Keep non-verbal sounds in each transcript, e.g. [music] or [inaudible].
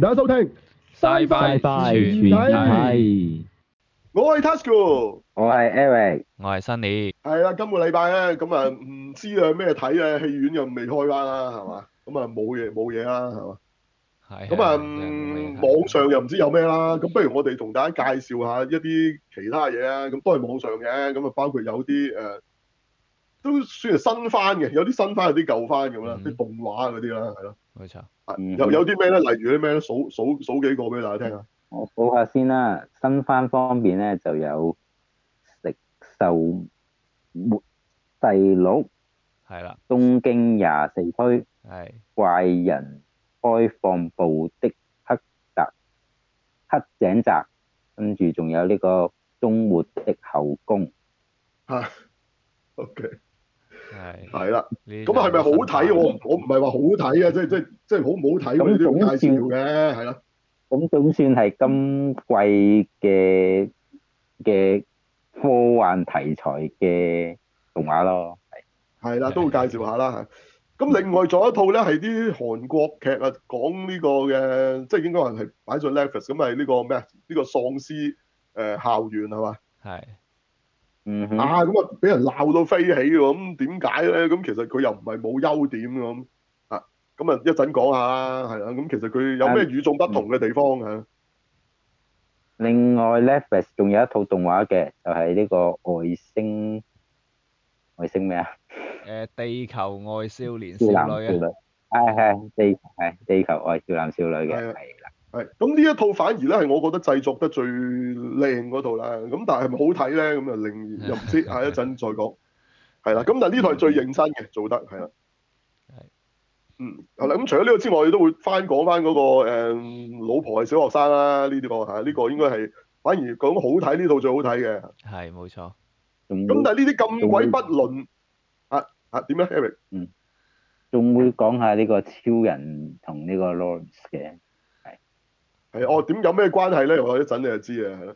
大家收聽《SciFi 全面睇》，我係 Tasuku，我係 Eric，我係 Sunny 係啦，今個禮拜咧，咁啊唔知有咩睇啊，戲院又未開翻啦，係嘛？咁啊冇嘢冇嘢啦，係嘛？係。咁啊、嗯、網上又唔知有咩啦，咁不如我哋同大家介紹下一啲其他嘢啊，咁都係網上嘅，咁啊包括有啲誒、呃、都算係新翻嘅，有啲新翻，有啲舊翻咁啦，啲動畫嗰啲啦，係咯。冇錯、嗯、有有啲咩咧？例如啲咩咧？數數數幾個俾大家聽啊！我數下先啦。新番方面咧就有食弟弟《食鏽末世錄》，係啦，《東京廿四區》，係《怪人開放部的黑特黑井津》，跟住仲有呢個《終末的後宮》。嚇 Okay。係，係啦，咁啊，係咪好睇？我唔係話好睇啊，即係即係即係好唔好睇咁樣？咁總算嘅，係啦，咁總算係今季嘅嘅科幻題材嘅動畫咯，係，係啦，都會介紹下啦。咁的另外仲有一套咧，係啲韓國劇啊，講呢個嘅，即係應該話係擺咗 Netflix 咁，係、這、呢個咩啊？呢、這個喪屍誒、呃、校園係嘛？係。嗯，啊咁啊，俾人鬧到飛起喎！咁點解咧？咁其實佢又唔係冇優點咁啊！咁啊，一陣講下啦，係啦。咁其實佢有咩與眾不同嘅地方啊？另外，Netflix 仲有一套動畫嘅，就係呢個外星外星咩啊？誒，地球外少年少男少女，係係地係地球外少男少女嘅，係啦。係，咁呢一套反而咧，係我覺得製作得最靚嗰套啦。咁但係係咪好睇咧？咁啊，另又唔知下一陣再講。係啦，咁但係呢套最認真嘅做得係啦。係的、嗯。嗯，係啦。咁除咗呢個之外，我都會翻講翻嗰個誒、嗯，老婆係小學生啦，呢、這、啲個吓，呢、啊這個應該係反而講好睇呢套最好睇嘅。係，冇錯。咁但係呢啲咁鬼不倫會、啊，啊啊，點樣，Eric？嗯，仲會講下呢個超人同呢個 Lawrence 嘅。係哦，點有咩關係咧？我一陣你就知嘅，係啦，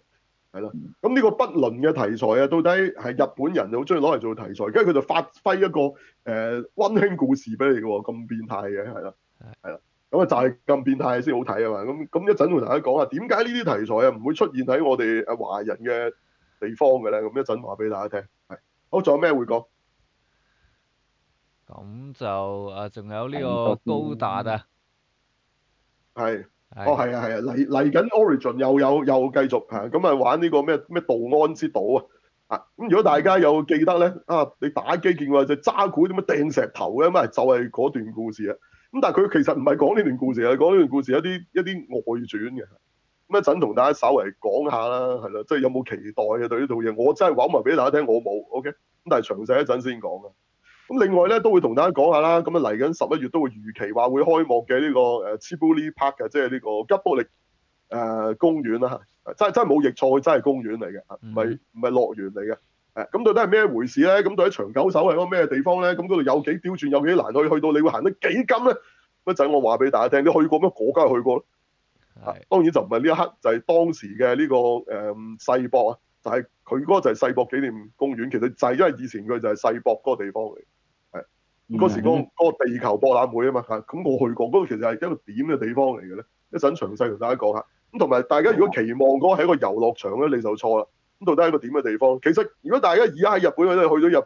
係啦、嗯。咁呢個不倫嘅題材啊，到底係日本人好中意攞嚟做題材，跟住佢就發揮一個誒溫馨故事俾你嘅喎，咁變態嘅，係啦，係啦的。咁啊就係咁變態先好睇啊嘛。咁咁一陣同大家講啊，點解呢啲題材啊唔會出現喺我哋誒華人嘅地方嘅咧？咁一陣話俾大家聽。係，好，仲有咩會講？咁就啊，仲有呢個高達啊，係。哦，係啊，係啊、oh，嚟嚟緊 Origin 又有又，又繼續嚇，咁啊玩呢個咩咩杜安之島啊啊！咁如果大家有記得咧啊，你打機見過就渣古點樣掟石頭嘅咩、啊，就係、是、嗰段故事啊。咁但係佢其實唔係講呢段故事啊，講呢段故事一啲有啲外傳嘅。咁一陣同大家稍微講下啦，係咯，即係有冇期待啊對呢套嘢？我真係玩埋俾大家聽，我冇 OK。咁但係詳細一陣先講啊。咁另外咧都會同大家講下啦。咁啊嚟緊十一月都會如期話會開幕嘅呢個誒 Ghibli Park 嘅，即係呢個吉卜力誒、呃、公園啦、啊。真係真係冇譯錯，佢真係公園嚟嘅，唔係唔係樂園嚟嘅。誒、啊、咁、嗯嗯啊、到底係咩回事咧？咁到底長久手係個咩地方咧？咁嗰度有幾刁轉，有幾難去，去到你會行得幾近咧？嗰陣，我話俾大家聽，你去過咩嗰間去過啦。係、啊、當然就唔係呢一刻，就係、是、當時嘅呢、這個誒世、嗯、博啊，就係佢嗰個就係世博紀念公園。其實就係因為以前佢就係世博嗰個地方嚟。嗰、mm hmm. 時個個地球博覽會啊嘛，嚇咁我去過，嗰、那個其實係一個點嘅地方嚟嘅咧？一陣詳細同大家講下，咁同埋大家如果期望嗰個係一個遊樂場咧，你就錯啦。咁到底係一個點嘅地方？其實如果大家而家喺日本或者去咗日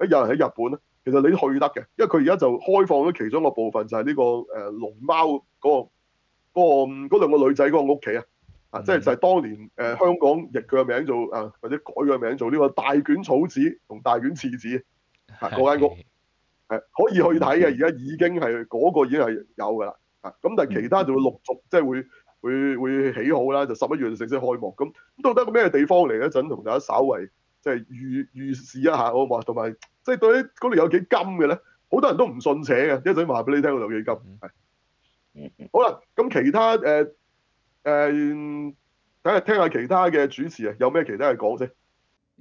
本，有人喺日本咧，其實你都去得嘅，因為佢而家就開放咗其中一個部分，就係、是、呢個誒龍貓嗰、那個嗰、那個兩個女仔嗰個屋企啊，啊、mm，hmm. 即係就係當年誒、呃、香港譯佢嘅名做啊，或者改佢嘅名做呢、這個大卷草紙同大卷刺紙啊，嗰間屋。可以去睇嘅，而家已經係嗰、那個已經係有噶啦，啊咁但係其他就會陸續即係、就是、會會會起好啦，就十一月正式開幕咁，咁到底個咩地方嚟？一陣同大家稍微即係、就是、預預示一下好嘛？同埋即係對於嗰度有幾金嘅咧，好多人都唔信邪嘅，一陣話俾你聽嗰度有幾金。嗯 [laughs] 好啦，咁其他誒誒，睇、呃、下、呃、聽下其他嘅主持有咩其他嘅講先。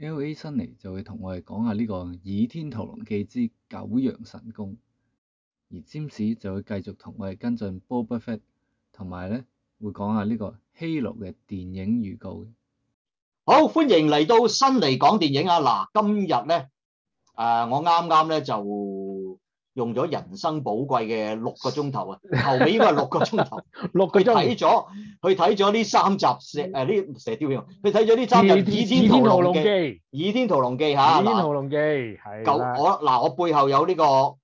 L.A. 辛尼就會同我哋講下呢個《倚天屠龍記之九陽神功》，而占士就會繼續同我哋跟進《波巴費特》，同埋咧會講下呢個 Halo 嘅電影預告。好，歡迎嚟到辛尼講電影啊！嗱，今日咧，誒、呃、我啱啱咧就用咗人生寶貴嘅六個鐘頭啊，後尾應該係六個鐘頭， [laughs] 六個鐘睇咗，去睇咗呢三集射誒呢射雕英雄，佢睇咗呢三集《倚、哎、天屠龍記》。《倚天屠龍記》吓？《倚天屠龍記》係、啊。九我嗱、啊、我背後有呢個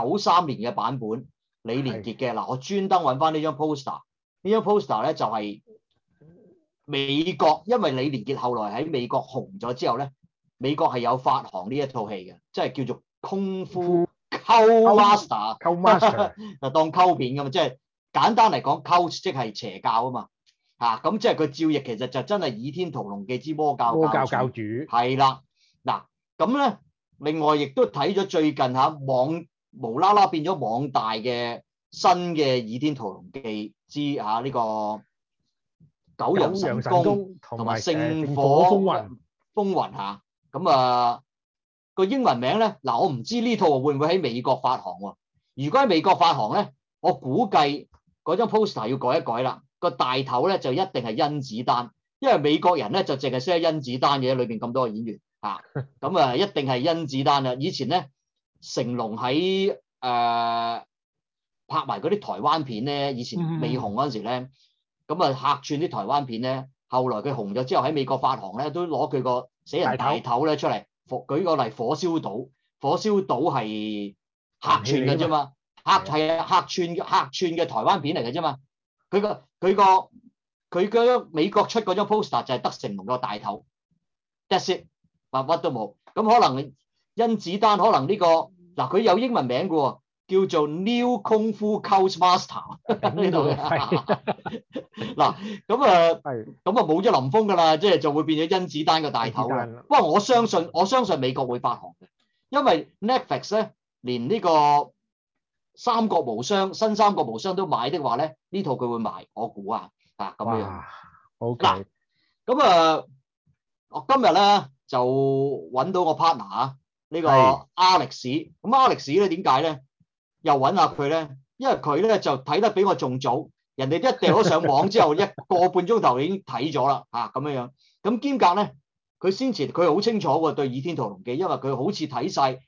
九三年嘅版本，李連杰嘅嗱，我專登揾翻呢張 poster，呢張 poster 咧就係、是、美國，因為李連杰後來喺美國紅咗之後咧，美國係有發行呢一套戲嘅，即係叫做功夫。溝 master，溝 master [laughs] 就當溝片咁啊！即係簡單嚟講，溝即係邪教啊嘛，吓咁即係佢照亦其實就真係《倚天屠龍記》之魔教教主係啦。嗱咁咧，另外亦都睇咗最近吓、啊、網無啦啦變咗網大嘅新嘅《倚天屠龍記》之吓呢個九陽神功同埋聖火風雲風雲吓咁啊！啊啊啊個英文名咧，嗱，我唔知呢套會唔會喺美國發行喎、啊。如果喺美國發行咧，我估計嗰張 poster 要改一改啦。個大頭咧就一定係甄子丹，因為美國人咧就淨係識得甄子丹嘅，裏邊咁多演員嚇，咁啊、嗯、一定係甄子丹啦。以前咧，成龍喺誒、呃、拍埋嗰啲台灣片咧，以前未紅嗰陣時咧，咁啊客串啲台灣片咧，後來佢紅咗之後喺美國發行咧，都攞佢個死人大頭咧出嚟。舉個例，火燒島，火燒島係客串嘅啫嘛， [music] 客係客串客串嘅台灣片嚟嘅啫嘛，佢個佢個佢嗰張美國出嗰張 poster 就係德成龍個大頭，得屎白乜都冇，咁可能甄子丹可能呢、呢個，嗱佢有英文名嘅喎。叫做 New Kung Fu Cult Master 呢度嘅。嗱咁 [laughs] 啊，咁啊冇咗 [laughs] 是林峰噶啦，即係就係、會變咗甄子丹嘅大頭啦。不過我相信我相信美國會發行嘅，因為 Netflix 咧連呢個《三國無雙》新《三國無雙》都買的話咧，呢套佢會買，我估啊啊咁樣。好。嗱、okay. 咁啊，我、啊、今日咧就揾到我 partner 啊，呢個 Alex 是。咁 Alex 咧點解咧？又揾下佢咧，因為佢咧就睇得比我仲早。人哋一掉咗上網之後， [laughs] 一個半鐘頭已經睇咗啦，嚇咁樣樣。咁兼夾咧，佢先前佢好清楚、哦、對《倚天屠龍記》，因為佢好似睇晒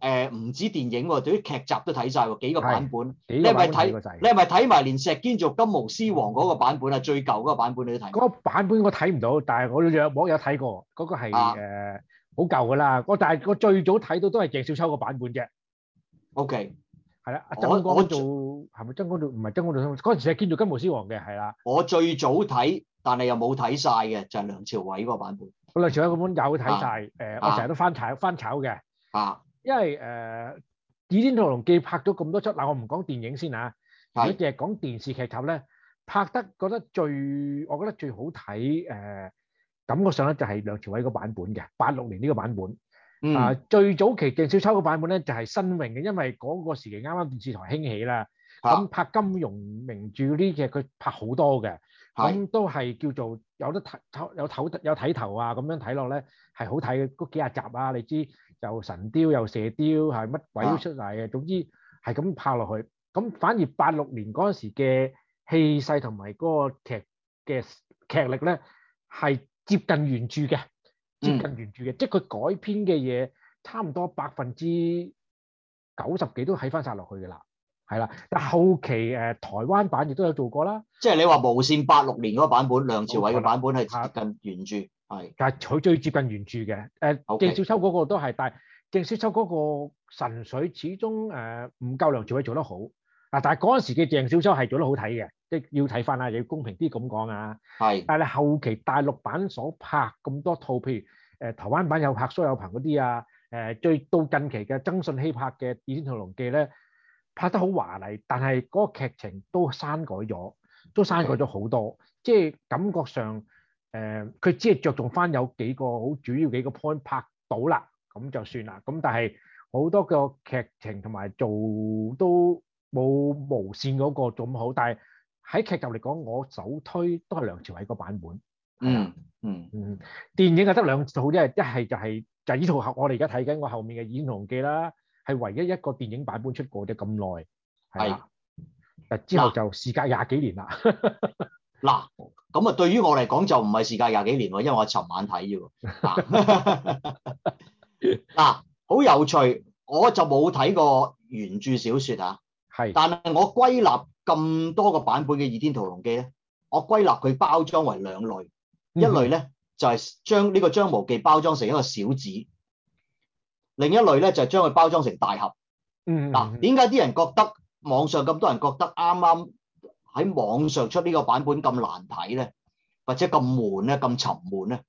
誒唔止電影、哦，對於劇集都睇曬幾個版本。版本你係咪睇？你係咪睇埋連石堅做金毛獅王嗰、嗰個版本啊？最舊嗰個版本你都睇？嗰個版本我睇唔到，但係我，我有網友睇過。嗰、嗰個係好舊㗎啦。我但係我最早睇到都係鄭少秋個版本啫。OK。係啦，曾江做係咪曾江做？唔係曾江做，嗰陣時係見到金毛獅王嘅，係啦。我最早睇，但係又冇睇晒嘅就係、是、梁朝偉個版本。梁朝偉個版本有睇晒，誒、啊呃，我成日都翻炒、啊、翻炒嘅。啊，因為誒《倚、呃、天屠龍記》拍咗咁多出，嗱，我唔講電影先嚇、啊，我淨係講電視劇集咧，拍得覺得最，我覺得最好睇誒、呃，感覺上咧就係梁朝偉版個版本嘅八六年呢個版本。啊，嗯、最早期鄭少秋嘅版本咧，就係、是、新穎嘅，因為嗰個時期啱啱電視台興起啦，咁、啊、拍《金庸名著》嗰啲劇，佢拍好多嘅，咁都係叫做有得睇，有頭有睇頭，頭啊，咁樣睇落咧係好睇嗰幾廿集啊，你知又神雕又射雕，係乜鬼都出嚟嘅，啊、總之係咁拍落去，咁反而八六年嗰陣時嘅氣勢同埋嗰個劇嘅劇力咧，係接近原著嘅。接近原著嘅，嗯、即係佢改編嘅嘢，差唔多百分之九十幾都喺翻晒落去嘅啦，係啦。但係後期誒台灣版亦都有做過啦。即係你話無線八六年嗰個版本，嗯、梁朝偉嘅版本係接近原著，係。但係佢最接近原著嘅，誒 Okay、呃、鄭少秋嗰個都係，但係鄭少秋嗰個神髓始終誒唔、呃、夠梁朝偉做得好。嗱，但係嗰陣時嘅鄭少秋係做得好睇嘅。即要睇翻啊，又要公平啲咁講啊。係是，但係後期大陸版所拍咁多套，譬如誒、呃、台灣版有拍蘇有朋嗰啲啊，誒、呃、最到近期嘅曾舜晞拍嘅《倚天屠龍記》咧，拍得好華麗，但係嗰個劇情都刪改咗，都刪改咗好多。的即係感覺上誒，佢、呃、只係着重翻有幾個好主要幾個 point 拍到啦，咁就算啦。咁但係好多個劇情同埋做都冇無線嗰個咁好，但係。喺劇集嚟講，我首推都係梁朝偉個版本。嗯嗯嗯，電影啊得兩套啫，一係就係、是、就呢套我哋而家睇緊，我後面嘅《演同記》啦，係唯一一個電影版本出過嘅咁耐。係，之的後就事隔廿幾年啦。嗱， [laughs] 咁啊對於我嚟講就唔係事隔廿幾年，因為我尋晚睇嘅。嗱，好 [laughs] 有趣，我就冇睇過原著小說啊。係，是但係我歸納咁多個版本嘅《倚天屠龍記》咧，我歸納佢包裝為兩類，嗯、哼一類咧就係將呢個《張無忌》包裝成一個小子，另一類咧就係將佢包裝成大俠。嗯哼，嗱、啊，點解啲人覺得網上咁多人覺得啱啱喺網上出呢個版本咁難睇咧，或者咁悶咧，咁沉悶咧？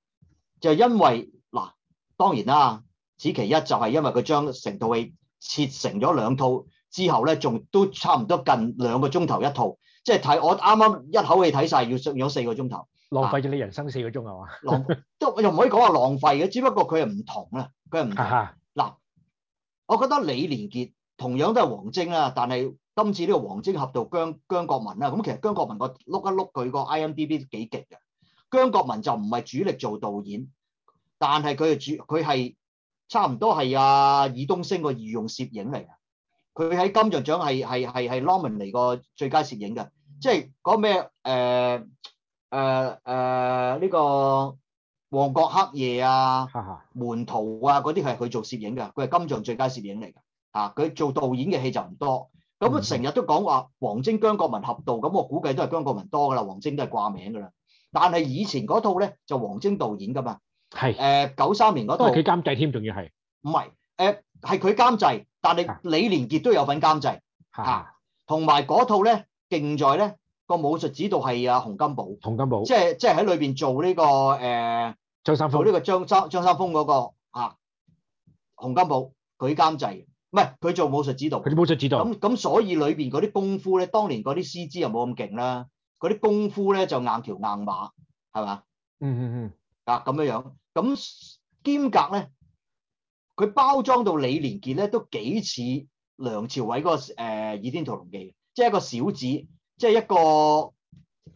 就係因為嗱、啊，當然啦，此其一就係因為佢將成套戲切成咗兩套。之後咧，仲都差唔多近兩個鐘頭一套，即係睇我啱啱一口氣睇晒，要上咗四個鐘頭，浪費咗你人生四個鐘係嘛？ [laughs] 浪都又唔可以講話浪費嘅，只不過佢係唔同啦，佢係唔同。嗱， [laughs] 我覺得李連杰同樣都係王晶啦，但係今次呢個王晶合導姜姜國文啦，咁其實姜國文個碌一碌佢個 IMDB 幾極嘅。姜國文就唔係主力做導演，但係佢係主佢係差唔多係啊，爾冬陞個御用攝影嚟嘅。佢喺金像獎係係係係 Norman 嚟個最佳攝影嘅，即係嗰咩誒誒誒呢個《旺角黑夜》啊，《門徒》啊嗰啲係佢做攝影嘅，佢係金像最佳攝影嚟嘅嚇。佢、啊、做導演嘅戲就唔多，咁啊成日都講話王晶、姜國文合導，咁我估計都係姜國文多噶啦，王晶都係掛名噶啦。但係以前嗰套咧就王晶導演噶嘛，係誒九三年嗰套。佢監製添，仲要係。唔係誒。啊係佢監製，但係李連杰都有份監製嚇，同埋嗰套咧勁在咧個武術指導係阿洪金寶，洪金寶即係即係喺裏邊做呢、這個誒，呃、三做呢個張三張三豐嗰、那個洪、啊、金寶佢監製，唔係佢做武術指導，佢啲武術指導咁咁，所以裏邊嗰啲功夫咧，當年嗰啲 CG 又冇咁勁啦，嗰啲功夫咧就硬橋硬馬，係咪啊？嗯嗯嗯，啊咁樣樣，咁兼夾咧。呢呢佢包裝到李連杰咧，都幾似梁朝偉嗰個《倚天屠龍記》，即係一個小子、呃，即係一個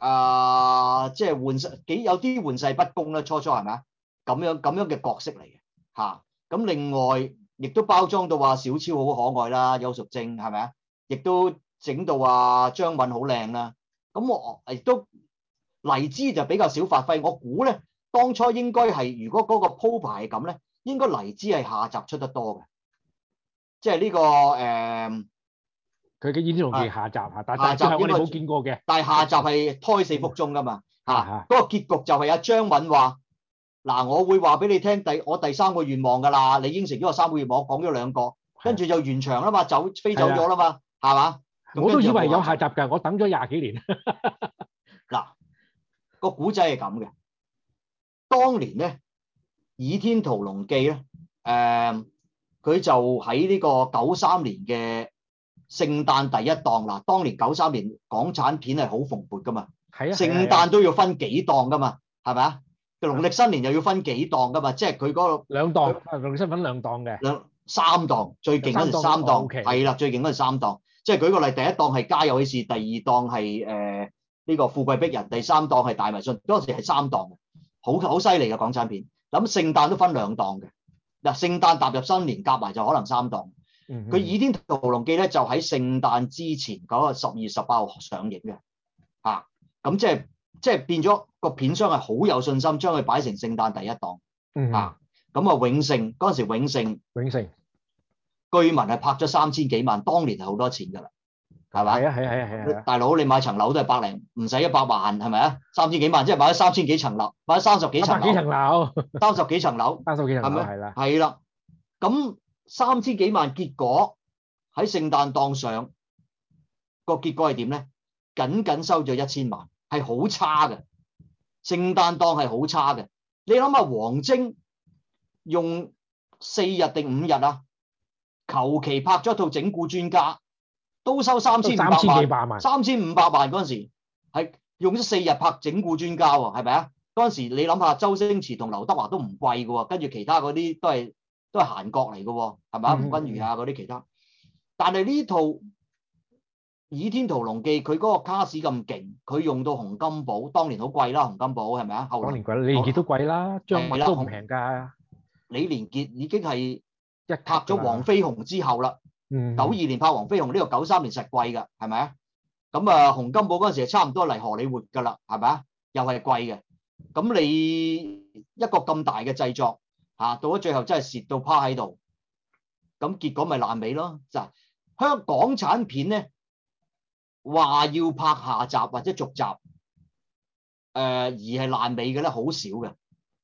啊，即係玩世幾有啲玩世不恭啦，初初係咪啊？咁樣咁樣嘅角色嚟嘅嚇。咁另外亦都包裝到話小超好可愛啦，邱淑貞係咪啊？亦都整到話張敏好靚啦。咁我亦都黎姿就比較少發揮。我估咧，當初應該係如果嗰個鋪排係咁咧。應該黎姿係下集出得多嘅，即係呢、這個誒，佢、嗯、嘅《胭脂傳奇》下集吓，但係下集我哋冇見過嘅，但係下集係胎死腹中噶嘛吓，嗰個結局就係阿張敏話嗱，我會話俾你聽，第我第三個願望噶啦，你應承咗我三個願望，講咗兩個，跟住、啊、就完場啦嘛，走飛走咗啦嘛，係嘛？我都以為有下集噶，我等咗廿幾年。嗱、 [laughs] 啊那個古仔係咁嘅，當年咧。《倚天屠龍記》呢咧、嗯，誒，佢就喺呢個九三年嘅聖誕第一檔啦。當年九三年港產片係好蓬勃噶嘛，啊、聖誕都要分幾檔噶嘛，係咪啊？農曆新年又要分幾檔噶嘛，即係佢嗰度兩檔，他農曆新年分兩檔嘅，兩三檔最勁嗰陣三檔，係啦 Okay.，最勁嗰陣三檔，即係舉個例，第一檔係《家有喜事》，第二檔係誒呢個《富貴逼人》，第三檔係《大迷信》，嗰陣時係三檔好好犀利嘅港產片。咁聖誕都分兩檔嘅，嗱，聖誕踏入新年夾埋就可能三檔。佢、嗯哼《倚天屠龍記呢》咧就喺聖誕之前嗰個十二月十八號上映嘅，啊，咁即係即係變咗個片商係好有信心，將佢擺成聖誕第一檔。嗯、哼啊，咁啊永盛嗰陣時永盛永盛勝，據聞係拍咗三千幾萬，當年係好多錢噶啦。係嘛？係啊，係啊，係啊！啊大佬，你買層樓都係百零，唔使一百萬，係咪啊？三千幾萬，即係買咗三千幾層樓，買咗三十幾層樓。三十幾層樓。三十幾層樓。係咪？係啦。係啦。咁三千幾萬，結果喺聖誕檔上個結果係點咧？僅僅收咗一千萬，係好差嘅。聖誕檔係好差嘅。你諗下，王晶用四日定五日啊？求其拍咗一套整蠱專家。都收千三,千三千五百萬，三千五百萬嗰陣時係用咗四日拍整蠱專家喎，係咪啊？嗰陣時你諗下，周星馳同劉德華都唔貴噶，跟住其他嗰啲都係都係韓國嚟噶，係嘛？君如啊嗰啲其他，但係呢套倚天屠龍記佢嗰個卡 a 咁勁，佢用到洪金寶，當年好貴啦，洪金寶係咪啊？當年貴，連李連杰都貴啦，張都好平價。李連杰已經係拍咗黃飛鴻之後啦。嗯，九二年拍《黃飛鴻》呢個九三年實貴㗎，係咪啊？咁啊《洪金寶》嗰陣時差唔多嚟荷里活㗎啦，係咪啊？又係貴嘅，咁你一個咁大嘅製作嚇、啊，到咗最後真係蝕到趴喺度，咁結果咪爛尾咯。就香港產片咧，話要拍下集或者續集，誒、呃、而係爛尾嘅咧，好少嘅。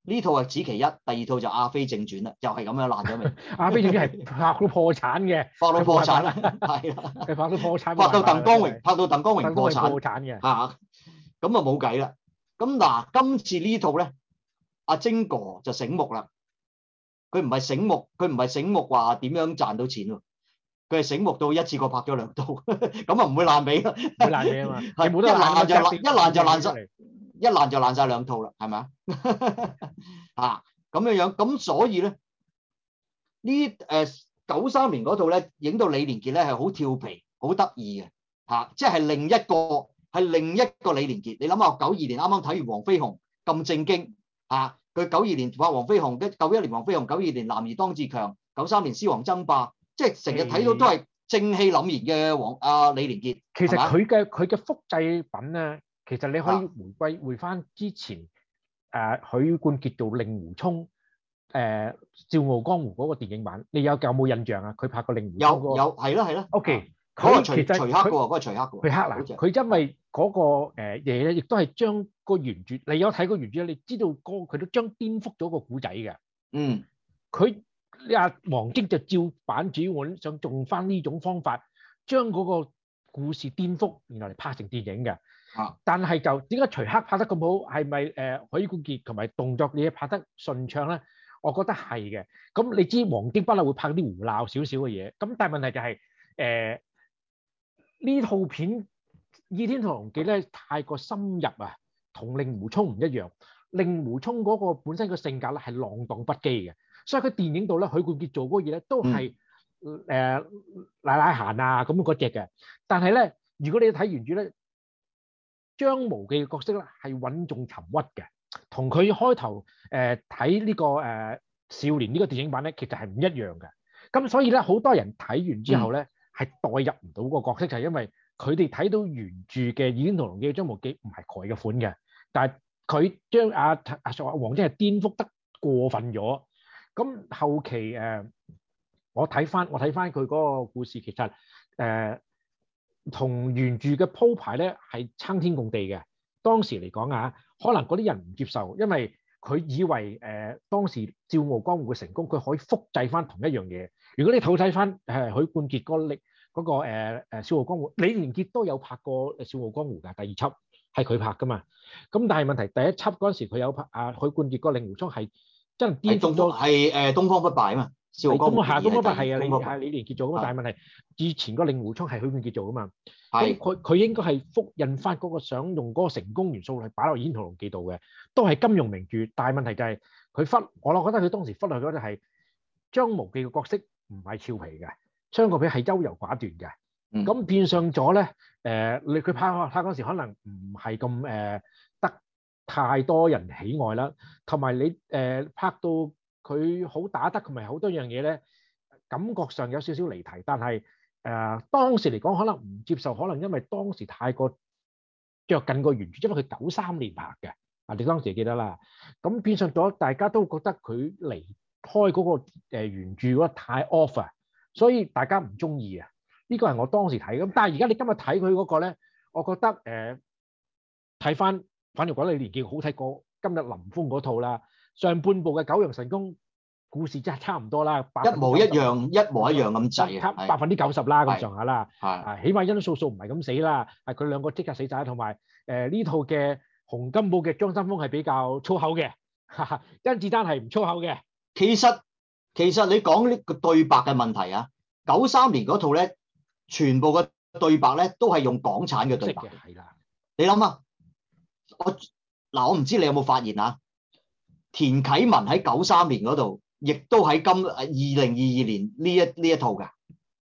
呢套係指其一，第二套就《阿飛正傳》啦，又係咁樣爛咗咪？《 [laughs] 阿飛正傳》係拍到破產嘅， [laughs] 拍到破產，係啦，係拍到破產，拍到鄧光榮，拍到鄧光榮破產嘅，嚇，咁啊冇計啦。咁嗱、啊，今次呢套咧，阿、啊、晶哥就醒目啦，佢唔係醒目，佢唔係醒目話點樣賺到錢喎。佢係醒目到一次過拍咗兩套，咁啊唔會爛尾咯，爛尾啊嘛，係一爛爛就爛，一爛就爛晒，一爛就爛晒兩套啦，係咪啊？吓咁樣樣，咁所以咧呢誒九三年嗰套咧影到李連杰咧係好調皮，好得意嘅吓，即係另一個係另一個李連杰。你諗下九二年啱啱睇完《黃飛鴻》咁正經吓，佢九二年拍《黃飛鴻》一九一年《黃飛鴻》，九二年《男兒當自強》，九三年《獅王爭霸》。即係成日睇到都係正氣凜然嘅王啊李連杰，其實佢嘅佢嘅複製品咧，其實你可以回歸回返之前誒、啊、許冠傑做令《令狐沖》誒《笑傲江湖》嗰個電影版，你有有冇印象啊？佢拍過令有《令狐沖》有有係咯係咯，OK 他。可能徐徐克喎，徐克嘅。徐佢因為嗰、嗰個嘢咧，亦、呃、都係將個原著，你有睇過原著你知道將顛個佢都將顛覆咗個古仔嘅。嗯。佢。呢阿王晶就照板煮碗，想用翻呢種方法將嗰個故事顛覆，原來嚟拍成電影嘅。啊！但係就點解徐克拍得咁好？係咪誒許冠傑同埋動作嘅拍得順暢咧？我覺得係嘅。咁、嗯、你知王晶不嬲會拍啲胡鬧少少嘅嘢。咁但係問題就係誒呢套片《倚天屠龍記》咧，太過深入啊，同令狐沖唔一樣。令狐沖嗰個本身個性格咧係浪蕩不羈嘅。所以佢電影度咧，許冠傑做嗰嘢咧都係誒、嗯呃、奶奶閒啊咁嗰隻嘅。但係咧，如果你睇原著咧，張無忌嘅角色咧係穩重沉鬱嘅，同佢開頭誒睇呢個誒、呃、少年呢個電影版咧，其實係唔一樣嘅。咁、嗯、所以咧，好多人睇完之後咧係代入唔到個角色，就係、嗯、因為佢哋睇到原著嘅倚天屠龍記嘅張無忌唔係佢嘅款嘅。但係佢將阿阿阿王晶係顛覆得過分咗。咁後期誒，我睇翻我睇翻佢嗰個故事，其實誒同原著嘅鋪排咧係差天共地嘅。當時嚟講啊，可能嗰啲人唔接受，因為佢以為誒當時《笑傲江湖》嘅成功，佢可以複製翻同一樣嘢。如果你透睇翻誒許冠傑嗰歷嗰個誒誒《笑傲江湖》，李連杰都有拍過《笑傲江湖》㗎，第二輯係佢拍㗎嘛。咁但係問題第一輯嗰陣時佢有拍啊許冠傑個令狐沖係。真啲咁多係誒東方不敗啊嘛，少林高人。係咁啊，係東方不敗係啊，李李連杰做噶嘛。但係是的 問題，以前個令狐沖係許冠傑做噶嘛。係佢佢應該係複印翻嗰個想用嗰個成功元素嚟擺落《倚天屠龍記》度嘅，都係金庸名著。但係問題就係佢忽，我覺得佢當時忽略咗就係張無忌嘅角色唔係俏皮嘅，張無忌係優柔寡斷嘅。咁的變相咗咧，誒你佢拍拍嗰時可能唔係咁誒。嗯嗯太多人喜愛啦，同埋你誒、呃、拍到佢好打得，同埋好多樣嘢咧，感覺上有少少離題。但係誒、呃、當時嚟講，可能唔接受，可能因為當時太過着近個原著，因為佢九三年拍嘅，啊你當時記得啦。咁變相咗大家都覺得佢離開嗰、那個、呃、原著嗰個太 offer，所以大家唔中意啊。呢個係我當時睇咁，但係而家你今日睇佢嗰個咧，我覺得誒睇翻。呃反正講你年紀好睇過今日林峯嗰套啦，上半部嘅九陽神功故事真係差唔多啦，一模一樣，一模一樣咁滯，百分之九十啦咁上下啦，係，起碼殷素素唔係咁死啦，係佢兩個即刻死曬，同埋誒呢套嘅洪金寶嘅張三豐係比較粗口嘅，甄子丹係唔粗口嘅。其實其實你講呢個對白嘅問題啊，九三年嗰套咧，全部嘅對白咧都係用港產嘅對白，係啦，你諗啊？我嗱，我唔知你有冇發現啊？田啟文喺九三年嗰度，亦都喺今二零二二年呢一呢一套㗎。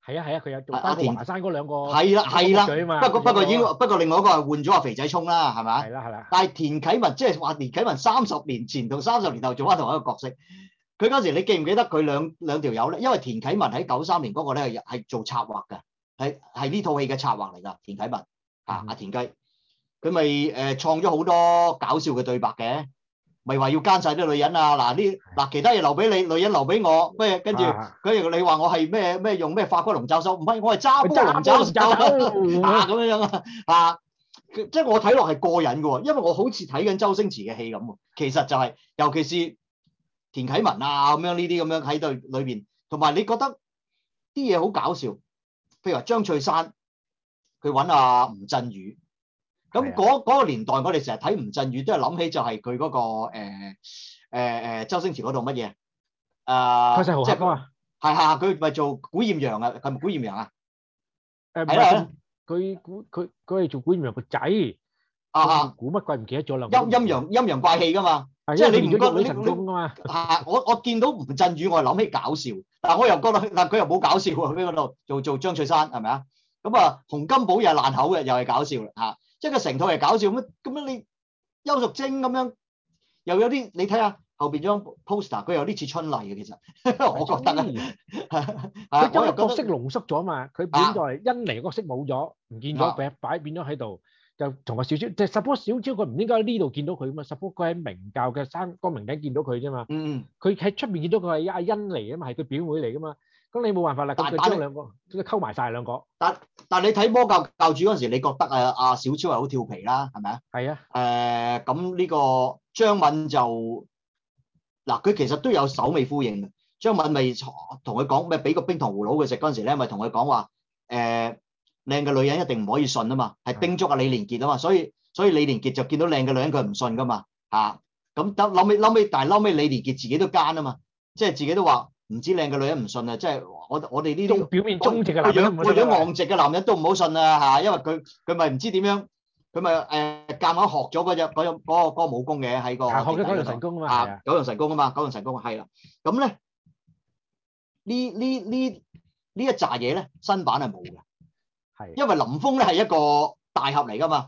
係啊係啊，佢、啊、有做阿田華山嗰兩個。係啦係啦，啊啊、居居不過居居不過已經、那個、不過另外一個係換咗阿肥仔聰啦，係咪？係啦係啦。啊、但係田啟文即係話田啟文三十年前同三十年後做翻同一個角色。佢嗰時你記唔記得佢兩兩條友咧？因為田啟文喺九三年嗰個咧係係做策劃㗎，係係呢套戲嘅策劃嚟㗎。田啟文啊，阿、啊、田雞。佢咪誒創咗好多搞笑嘅對白嘅，咪話要奸晒啲女人啊！嗱呢嗱其他嘢留俾你，女人留俾我。咩？跟住佢又你話我係咩咩用咩化骨龍爪手？唔係我係揸波龍爪手咁樣樣啊，即係我睇落係過癮嘅喎，因為我好似睇緊周星馳嘅戲咁喎。其實就係、是，尤其是田啟文啊咁樣呢啲咁樣喺度裏邊，同埋你覺得啲嘢好搞笑。譬如話張翠山佢揾阿吳鎮宇。咁嗰嗰個年代，我哋成日睇吳鎮宇，都係諗起就係佢嗰個誒誒誒周星馳嗰度乜嘢啊？崔世豪，即係係係佢咪做古豔陽啊？係咪古豔陽啊？誒唔係，佢古佢佢係做古豔陽個仔啊！古乜鬼唔記得咗啦～陰陰陽陰陽怪氣㗎嘛，即係你唔覺得？李晨忠㗎嘛？係我我見到吳鎮宇，我係諗起搞笑，但係我又覺得啊佢又冇搞笑啊！佢喺嗰度做做張翠山係咪啊？咁啊洪金寶又係爛口嘅，又係搞笑啦嚇～即係個成套係搞笑咁，咁樣你邱淑貞咁樣，又有啲你睇下後邊張 poster，佢有啲似春麗嘅其實， [laughs] 我覺得，佢將個角色濃縮咗嘛，佢本來殷離個角色冇咗，唔見咗，擺擺、啊、變咗喺度，就同個小昭，即係十波小昭佢唔應該喺呢度見到佢嘛，十波佢喺明教嘅山光明頂見到佢啫嘛，嗯嗯，佢喺出面見到佢係阿殷離啊嘛，係佢表妹嚟噶嘛。咁你冇辦法啦，但但係打兩個，佢哋溝埋晒兩個。但但你睇魔教教主嗰陣時，你覺得啊阿小超係好調皮啦，係咪啊？係啊。誒咁呢個張敏就嗱，佢、呃、其實都有首尾呼應嘅。張敏咪同佢講咩？俾個冰糖葫蘆佢食嗰陣時咧，咪同佢講話誒靚嘅女人一定唔可以信啊嘛，係叮囑啊李連杰啊嘛，所以所以李連杰就見到靚嘅女人佢唔信㗎嘛嚇。咁後後尾，後尾，但係後尾李連杰自己都奸啊嘛，即係自己都話。唔知靚嘅女人唔信啊！即係我我哋呢啲表面忠直嘅、男人，外表昂直嘅男人都唔好信啊！嚇養、啊，因為佢佢咪唔知點樣，佢咪誒夾硬學咗嗰隻隻嗰個武功嘅喺個學咗九陽神功嘛啊的九陽神功嘛，九陽神功啊嘛，九陽神功係啦。咁咧呢呢呢呢一紮嘢咧，新版係冇嘅，係的因為林峰咧係一個大俠嚟噶嘛，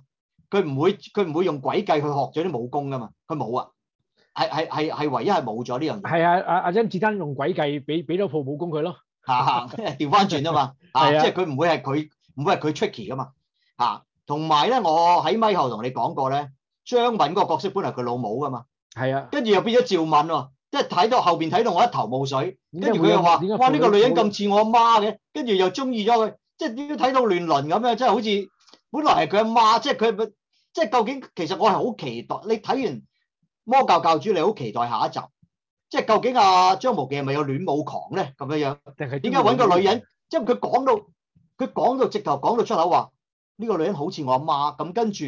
佢唔會佢唔會用詭計去學咗啲武功噶嘛，佢冇啊。係係係係唯一係冇咗呢樣嘢。係啊，阿阿甄子丹用詭計俾俾咗套武功佢咯。嚇，調翻轉啊嘛。係 [laughs] 啊，即係佢唔會係佢唔會係佢 tricky 噶嘛。嚇、啊，同埋咧，我喺咪後同你講過咧，張敏嗰個角色本嚟佢老母噶嘛。係啊。跟住又變咗趙敏喎、啊，即係睇到後邊睇到我一頭霧水。是啊、 [laughs] 跟住佢又話：，哇，呢、呢個女人咁似我媽嘅，跟住又中意咗佢，即係點都睇到亂倫咁樣！即係好似本來係佢阿媽，即係佢，即係究竟其實我係好期待你睇完。魔教教主，你好期待下一集，即係究竟阿、啊、張無忌係咪有戀母狂咧？咁樣樣，點解揾個女人？即係佢講到，佢講到，直頭講到出口話呢、這個女人好似我阿媽，咁跟住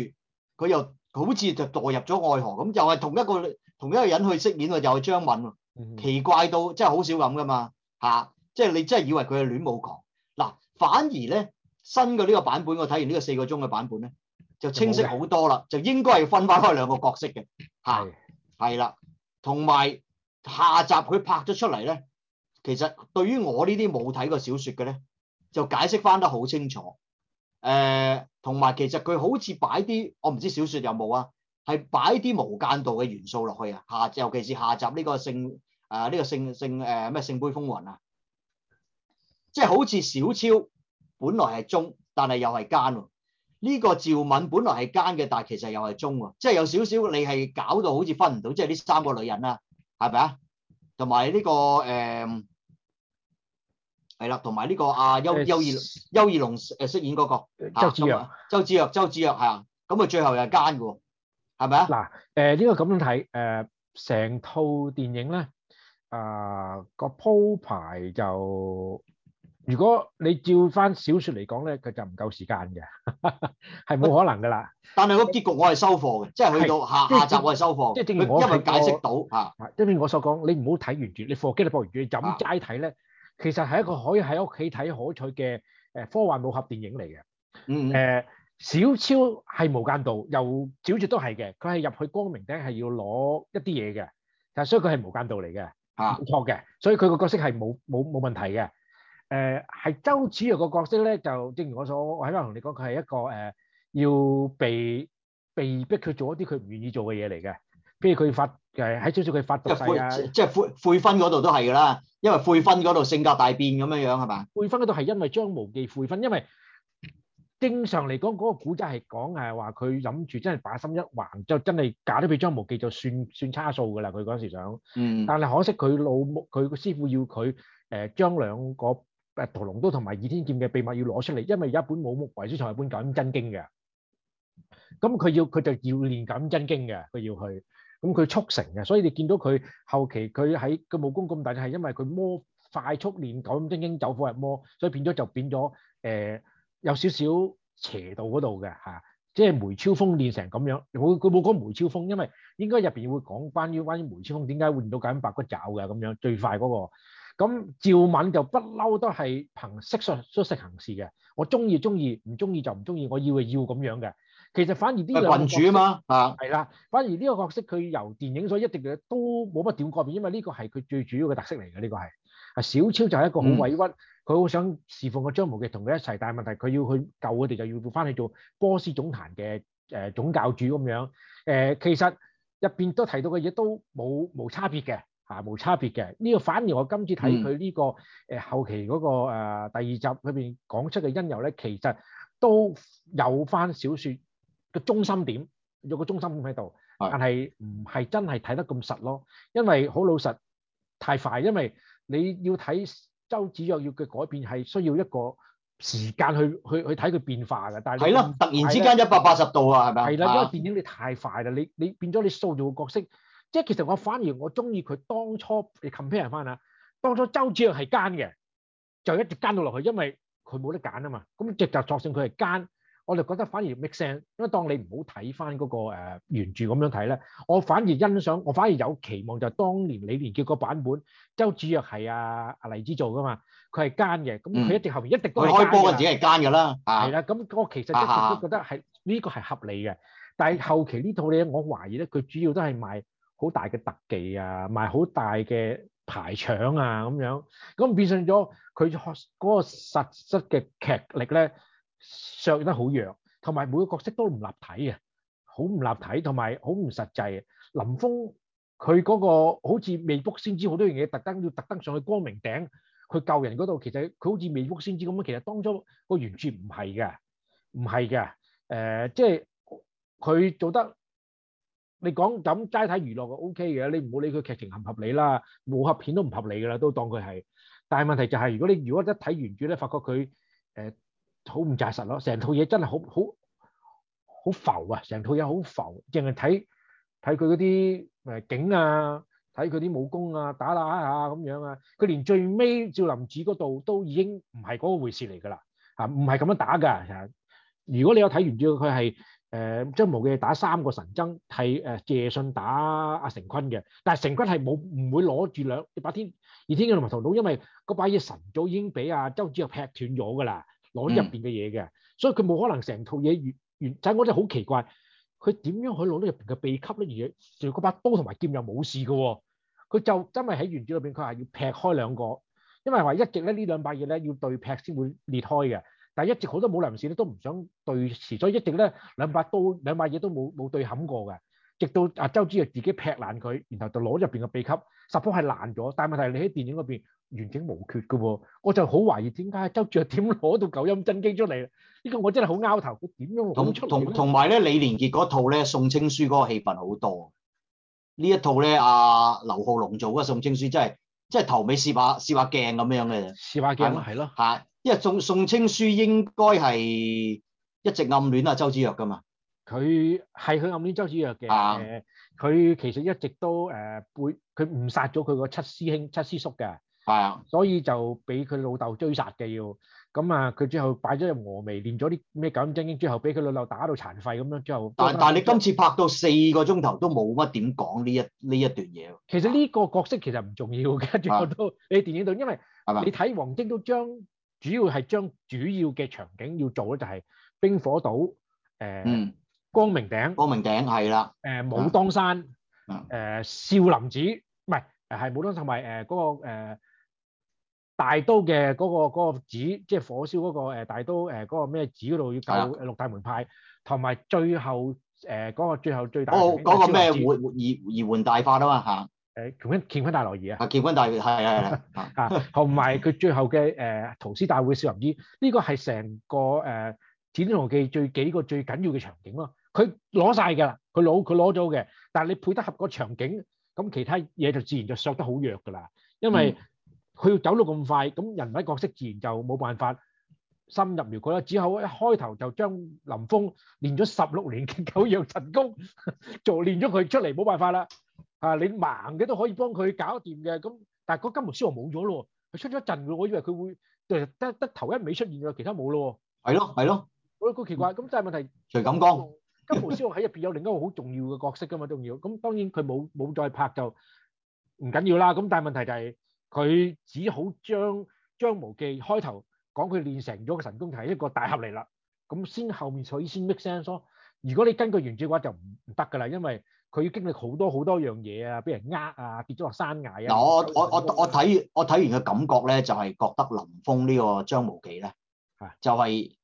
佢又好似就墮入咗愛河咁，又係同一個同一個人去飾演，喎，又係張敏，奇怪到即係好少咁噶嘛？吓、啊，即係你真係以為佢係戀母狂嗱、啊，反而咧，新嘅呢個版本，我睇完呢個四個鐘嘅版本咧，就清晰好多啦，的就應該係分返開兩個角色嘅吓。啊 [laughs] 係啦，同埋下集佢拍咗出嚟咧，其實對於我呢啲冇睇過小説嘅咧，就解釋返得好清楚。誒、呃，同埋其實佢好似擺啲，我唔知小説有冇啊，係擺啲無間道嘅元素落去啊。下尤其是下集呢個聖，啊呢、這個聖聖誒咩聖杯風雲啊，即係好似小超，本來係忠，但係又係奸喎。呢個趙敏本來係奸嘅，但係其實又係忠喎，即係有少少你係搞到好似分唔到，即係呢三個女人啦，係咪、這個呃這個、啊？同埋呢個誒係啦，同埋呢個阿邱邱二邱二龍誒飾演嗰、那個周芷若，若，周芷若，周芷若，係啊，咁啊最後又係奸嘅，係咪啊？嗱誒、呃，應該咁樣睇誒，成、呃、套電影咧啊個鋪排就如果你照返小說嚟講咧，佢就唔夠時間嘅。係冇 [laughs] 可能噶啦。但係個結局我係收貨嘅，是即係去到下集我係收貨。即係正如我因為解釋到吓。即係、啊、正如我所講，你唔好睇完住，你放機你播原著，飲齋睇咧，其實係一個可以喺屋企睇可取嘅誒科幻武俠電影嚟嘅。嗯誒、嗯呃，小超係無間道，又少少都係嘅。佢係入去光明頂係要攞一啲嘢嘅，但係所以佢係無間道嚟嘅吓，冇錯嘅。所以佢個、啊、角色係冇冇冇問題嘅。誒係、呃、周芷若個角色咧，就正如我所我喺度同你講，佢係一個誒、呃、要被被逼佢做一啲佢唔願意做嘅嘢嚟嘅。譬如佢發誒喺、呃、少少佢發毒誓啊，即係悔悔婚嗰度都係㗎啦。因為悔婚嗰度性格大變咁樣樣係嘛？悔婚嗰度係因為張無忌悔婚，因為正常嚟講嗰、那個古仔係講誒話佢諗住真係把心一橫，就真係嫁得俾張無忌就算算差數㗎啦。佢嗰陣時想，嗯、但係可惜佢老母佢個師傅要佢誒、呃、將兩個，誒屠龍刀同埋倚天劍嘅秘密要攞出嚟，因為有一本武穆遺書，係一本九陰真經嘅。咁佢要，佢就要練九陰真經嘅，佢要去。咁佢速成嘅，所以你見到佢後期佢喺個武功咁大，就係因為佢摸快速練九陰真經，走火入魔，所以變咗就變咗誒、呃、有少少邪道嗰度嘅吓、啊，即係梅超風練成咁樣。佢冇講梅超風，因為應該入邊會講關於關於梅超風點解練到九陰白骨爪嘅咁樣，最快嗰、嗰個。咁趙敏就不嬲，都係憑色説色，色行事嘅。我中意中意，唔中意就唔中意。我要嘅要咁樣嘅。其實反而啲郡主啊，係啦。反而呢個角色佢由電影所一定都冇乜點改變，因為呢個係佢最主要嘅特色嚟嘅。呢、這個係啊，小超就係一個好委屈，佢好、嗯、想侍奉個張無忌同佢一齊，但係問題佢要去救佢哋，就要翻去做波斯總壇嘅誒、呃、總教主咁樣。誒、呃，其實入邊都提到嘅嘢都冇冇差別嘅。嚇，冇、啊、差別嘅。呢、這個反而我今次睇佢呢個誒、嗯呃、後期嗰、那個、呃、第二集裏邊講出嘅因由咧，其實都有翻小説嘅中心點，有個中心點喺度，但係唔係真係睇得咁實咯。因為好老實，太快，因為你要睇周子若要嘅改變係需要一個時間去去去睇佢變化嘅。但係係咯，種突然之間一百八十度啊，係咪啊？係啦，因為電影你太快啦，你你，你變咗你塑造個角色。即係其實我反而我中意佢當初你 compare 翻啊，當初周芷若係奸嘅，就一直奸到落去，因為佢冇得揀啊嘛。咁直就作成佢係奸，我就覺得反而 make sense。因為當你唔好睇翻嗰個、呃、原著咁樣睇咧，我反而欣賞，我反而有期望就係當年李連杰個版本，周芷若係阿阿黎姿做㗎嘛，佢係奸嘅，咁佢一定後面一定都，都係、嗯。佢開波自己時係奸㗎啦。係、啊、啦，咁我其實一直、啊啊、都覺得係呢、這個係合理嘅，但係後期套呢套嘢我懷疑咧，佢主要都係賣。好大嘅特技啊，賣好大嘅排場啊，咁樣咁變上咗佢嗰個實質嘅劇力咧，削得好弱，同埋每個角色都唔立體嘅，好唔立體，同埋好唔實際。林峰佢嗰、那個好似未卜先知，好多嘢特登要特登上去光明頂去救人嗰度，其實佢好似未卜先知咁啊，其實當中，個原著唔係嘅，唔係嘅，誒，即係佢做得。你講咁齋睇娛樂 O K 嘅，你唔好理佢劇情合唔合理啦，武俠片都唔合理噶啦，都當佢係。但係問題就係、是，如果你如果一睇原著咧，發覺佢誒好唔紮實咯，成套嘢真係好好好浮啊，成套嘢好浮，淨係睇睇佢嗰啲誒景啊，睇佢啲武功啊，打打下咁樣啊，佢連最尾少林寺嗰度都已經唔係嗰個回事嚟噶啦，嚇唔係咁樣打㗎、啊。如果你有睇原著，佢係。誒、呃、張無忌打三個神僧係誒謝遜打阿、啊、成昆嘅，但係成昆係冇唔會攞住兩把天二天嘅同埋屠刀，因為嗰把嘢神早已經俾阿、啊、周芷若劈斷咗㗎啦，攞入邊嘅嘢嘅，嗯、所以佢冇可能成套嘢完完。就我真係好奇怪，佢點樣可以攞到入邊嘅秘笈咧？而而嗰把刀同埋劍又冇事嘅喎、哦，佢就真係喺原著裏邊佢係要劈開兩個，因為話一直咧呢兩把嘢咧要對劈先會裂開嘅。但係一直好多武林士咧都唔想對峙，所以一直咧兩把刀兩把嘢都冇冇對冚過嘅，直到阿周芷若自己劈爛佢，然後就攞入邊嘅秘笈，十方係爛咗。但係問題係你喺電影嗰邊完整無缺嘅喎、哦，我就好懷疑點解周芷若點攞到《九陰真經》出嚟？呢個我真係好拗頭，點樣會同同埋咧，李連杰嗰套咧《宋青書》嗰個戲份好多，呢一套咧阿劉浩龍做嘅《宋青書》真係真係頭尾試下試下鏡咁樣嘅，試下鏡咯，係吧。因為宋宋青書應該係一直暗戀啊周芷若噶嘛，佢係佢暗戀周芷若嘅，佢其實一直都誒背佢誤殺咗佢個七師兄七師叔嘅，係啊，所以就俾佢老豆追殺嘅要，咁啊佢最後擺咗入峨眉練咗啲咩九陰真經，最後俾佢老豆打到殘廢咁樣之後，但但係你今次拍到四個鐘頭都冇乜點講呢一呢一段嘢，其實呢個角色其實唔重要嘅，最多你電影度因為你睇王晶都將。主要係將主要嘅場景要做咧，就係冰火島，誒，光明頂，光明頂係啦，誒武當山，誒少林寺，唔係，係武當山同埋誒嗰個誒大都嘅嗰個嗰個寺，即係火燒嗰個誒大都誒嗰個咩寺嗰度要救六大門派，同埋最後誒嗰個最後最大，嗰個咩換換二二換大化啊嘛嚇。誒乾坤乾坤大挪移啊，乾坤大挪移係係係啊，同埋佢最後嘅誒屠獅大會少林寺，呢、這個係成個誒《倚天、呃、屠龍記最》最幾個最緊要嘅場景咯。佢攞晒㗎啦，佢攞佢攞咗嘅，但係你配得合個場景，咁其他嘢就自然就削得好弱㗎啦。因為佢要走到咁快，咁人物角色自然就冇辦法。深入描佢啦，只好一開頭就將林峯練咗十六年嘅九陽神功做練咗佢出嚟，冇辦法啦嚇！你盲嘅都可以幫佢搞掂嘅，咁但係嗰金毛獅王冇咗咯，佢出咗一陣嘅，我以為佢會誒得得頭一尾出現嘅，其他冇咯喎。係咯，係咯。我覺得奇怪，咁但係問題，徐錦江金毛獅王喺入邊有另一個好重要嘅角色㗎嘛，重要。咁當然佢冇冇再拍就唔緊要啦。咁但係問題就係佢只好將張無忌開頭。講佢練成咗個神功係一個大俠嚟啦，咁先後面所以先 make sense、so.。如果你根據原著嘅話就唔唔得噶啦，因為佢要經歷好多好多樣嘢啊，俾人呃啊，跌咗落山崖啊。我我我我睇我睇完嘅感覺咧就係、是、覺得林峰呢個張無忌咧就係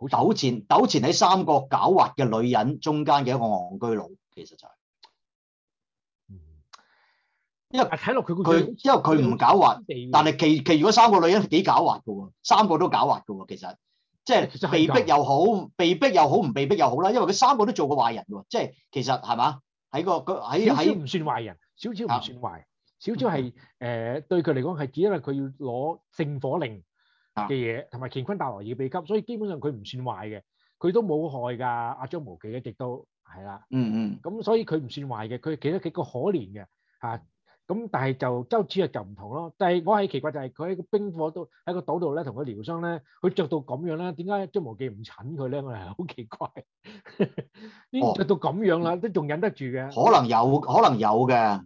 糾纏糾纏喺三個狡猾嘅女人中間嘅一個戇居佬，其實就係、是。因為睇落佢佢因為佢唔狡猾，但係其其餘三個女人幾狡猾噶喎，三個都狡猾噶喎，其實即係被逼又好，被逼又好，唔被逼又好啦。因為佢三個都做過壞人喎，即係其實係嘛？喺個佢喺喺唔算壞人，小超唔算壞，是小超係誒對佢嚟講係只因為佢要攞聖火令嘅嘢，同埋的乾坤大挪移秘笈，所以基本上佢唔算壞嘅，佢都冇害噶。阿、啊、張無忌一直都係啦，嗯嗯，咁所以佢唔算壞嘅，佢幾得幾個可憐嘅吓。咁但係就周芷若，就唔同咯。但係我係奇怪，就係佢喺個冰火都喺個島度咧，同佢療傷咧，佢著到咁樣咧，點解張無忌唔襯佢咧？誒，好奇怪！穿著到咁樣啦，都仲忍得住嘅。可能有，可能有嘅。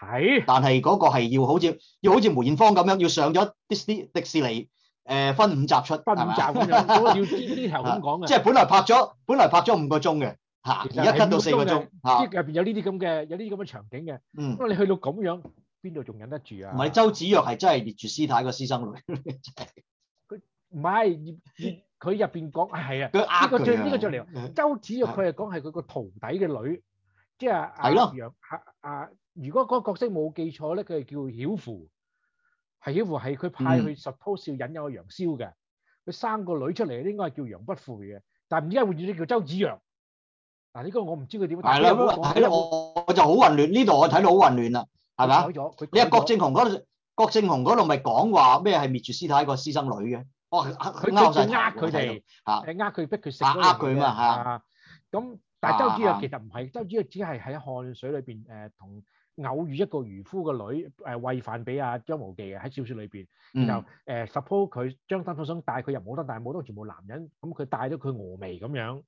係。但係嗰個係要好似要好似梅艷芳咁樣，要上咗迪士尼，誒，分五集出係嘛？分五集咁樣，要呢呢頭咁講嘅。即係本來拍咗，本來拍咗五個鐘嘅。吓，而家跟到四個鐘，即入邊有呢啲咁嘅，啊、有啲咁嘅場景嘅。嗯，因你去到咁樣，邊度仲忍得住啊？唔係周芷若係真係獵住師太個私生女，佢唔係佢入邊講係啊，呢個著呢個著嚟，周芷若佢係講係佢個、這個、的是是徒弟嘅女，即係阿楊阿如果嗰個角色冇記錯咧，佢係叫曉芙，係曉芙係佢派去 suppose 引誘楊逍嘅，佢生個女出嚟應該係叫楊不悔嘅，但係唔知點解換住咗叫周芷若。嗱，呢個我唔知佢點解，係啦，係啦，我我就好混亂，呢度我睇到好混亂啦，係咪啊？你係郭正雄嗰度，郭正雄嗰度咪講話咩係滅絕師太個私生女嘅？哦，佢勾曬，佢哋嚇，誒，呃佢逼佢食，呃呃佢啊嘛，係啊，咁但係周芷若其實唔係，周芷若只係喺漢水裏邊誒，同偶遇一個漁夫個女誒餵飯俾阿張無忌嘅喺小説裏邊，然後誒十鋪佢張三豐想帶佢入武當，但係武當全部男人，咁佢帶咗佢峨眉咁樣，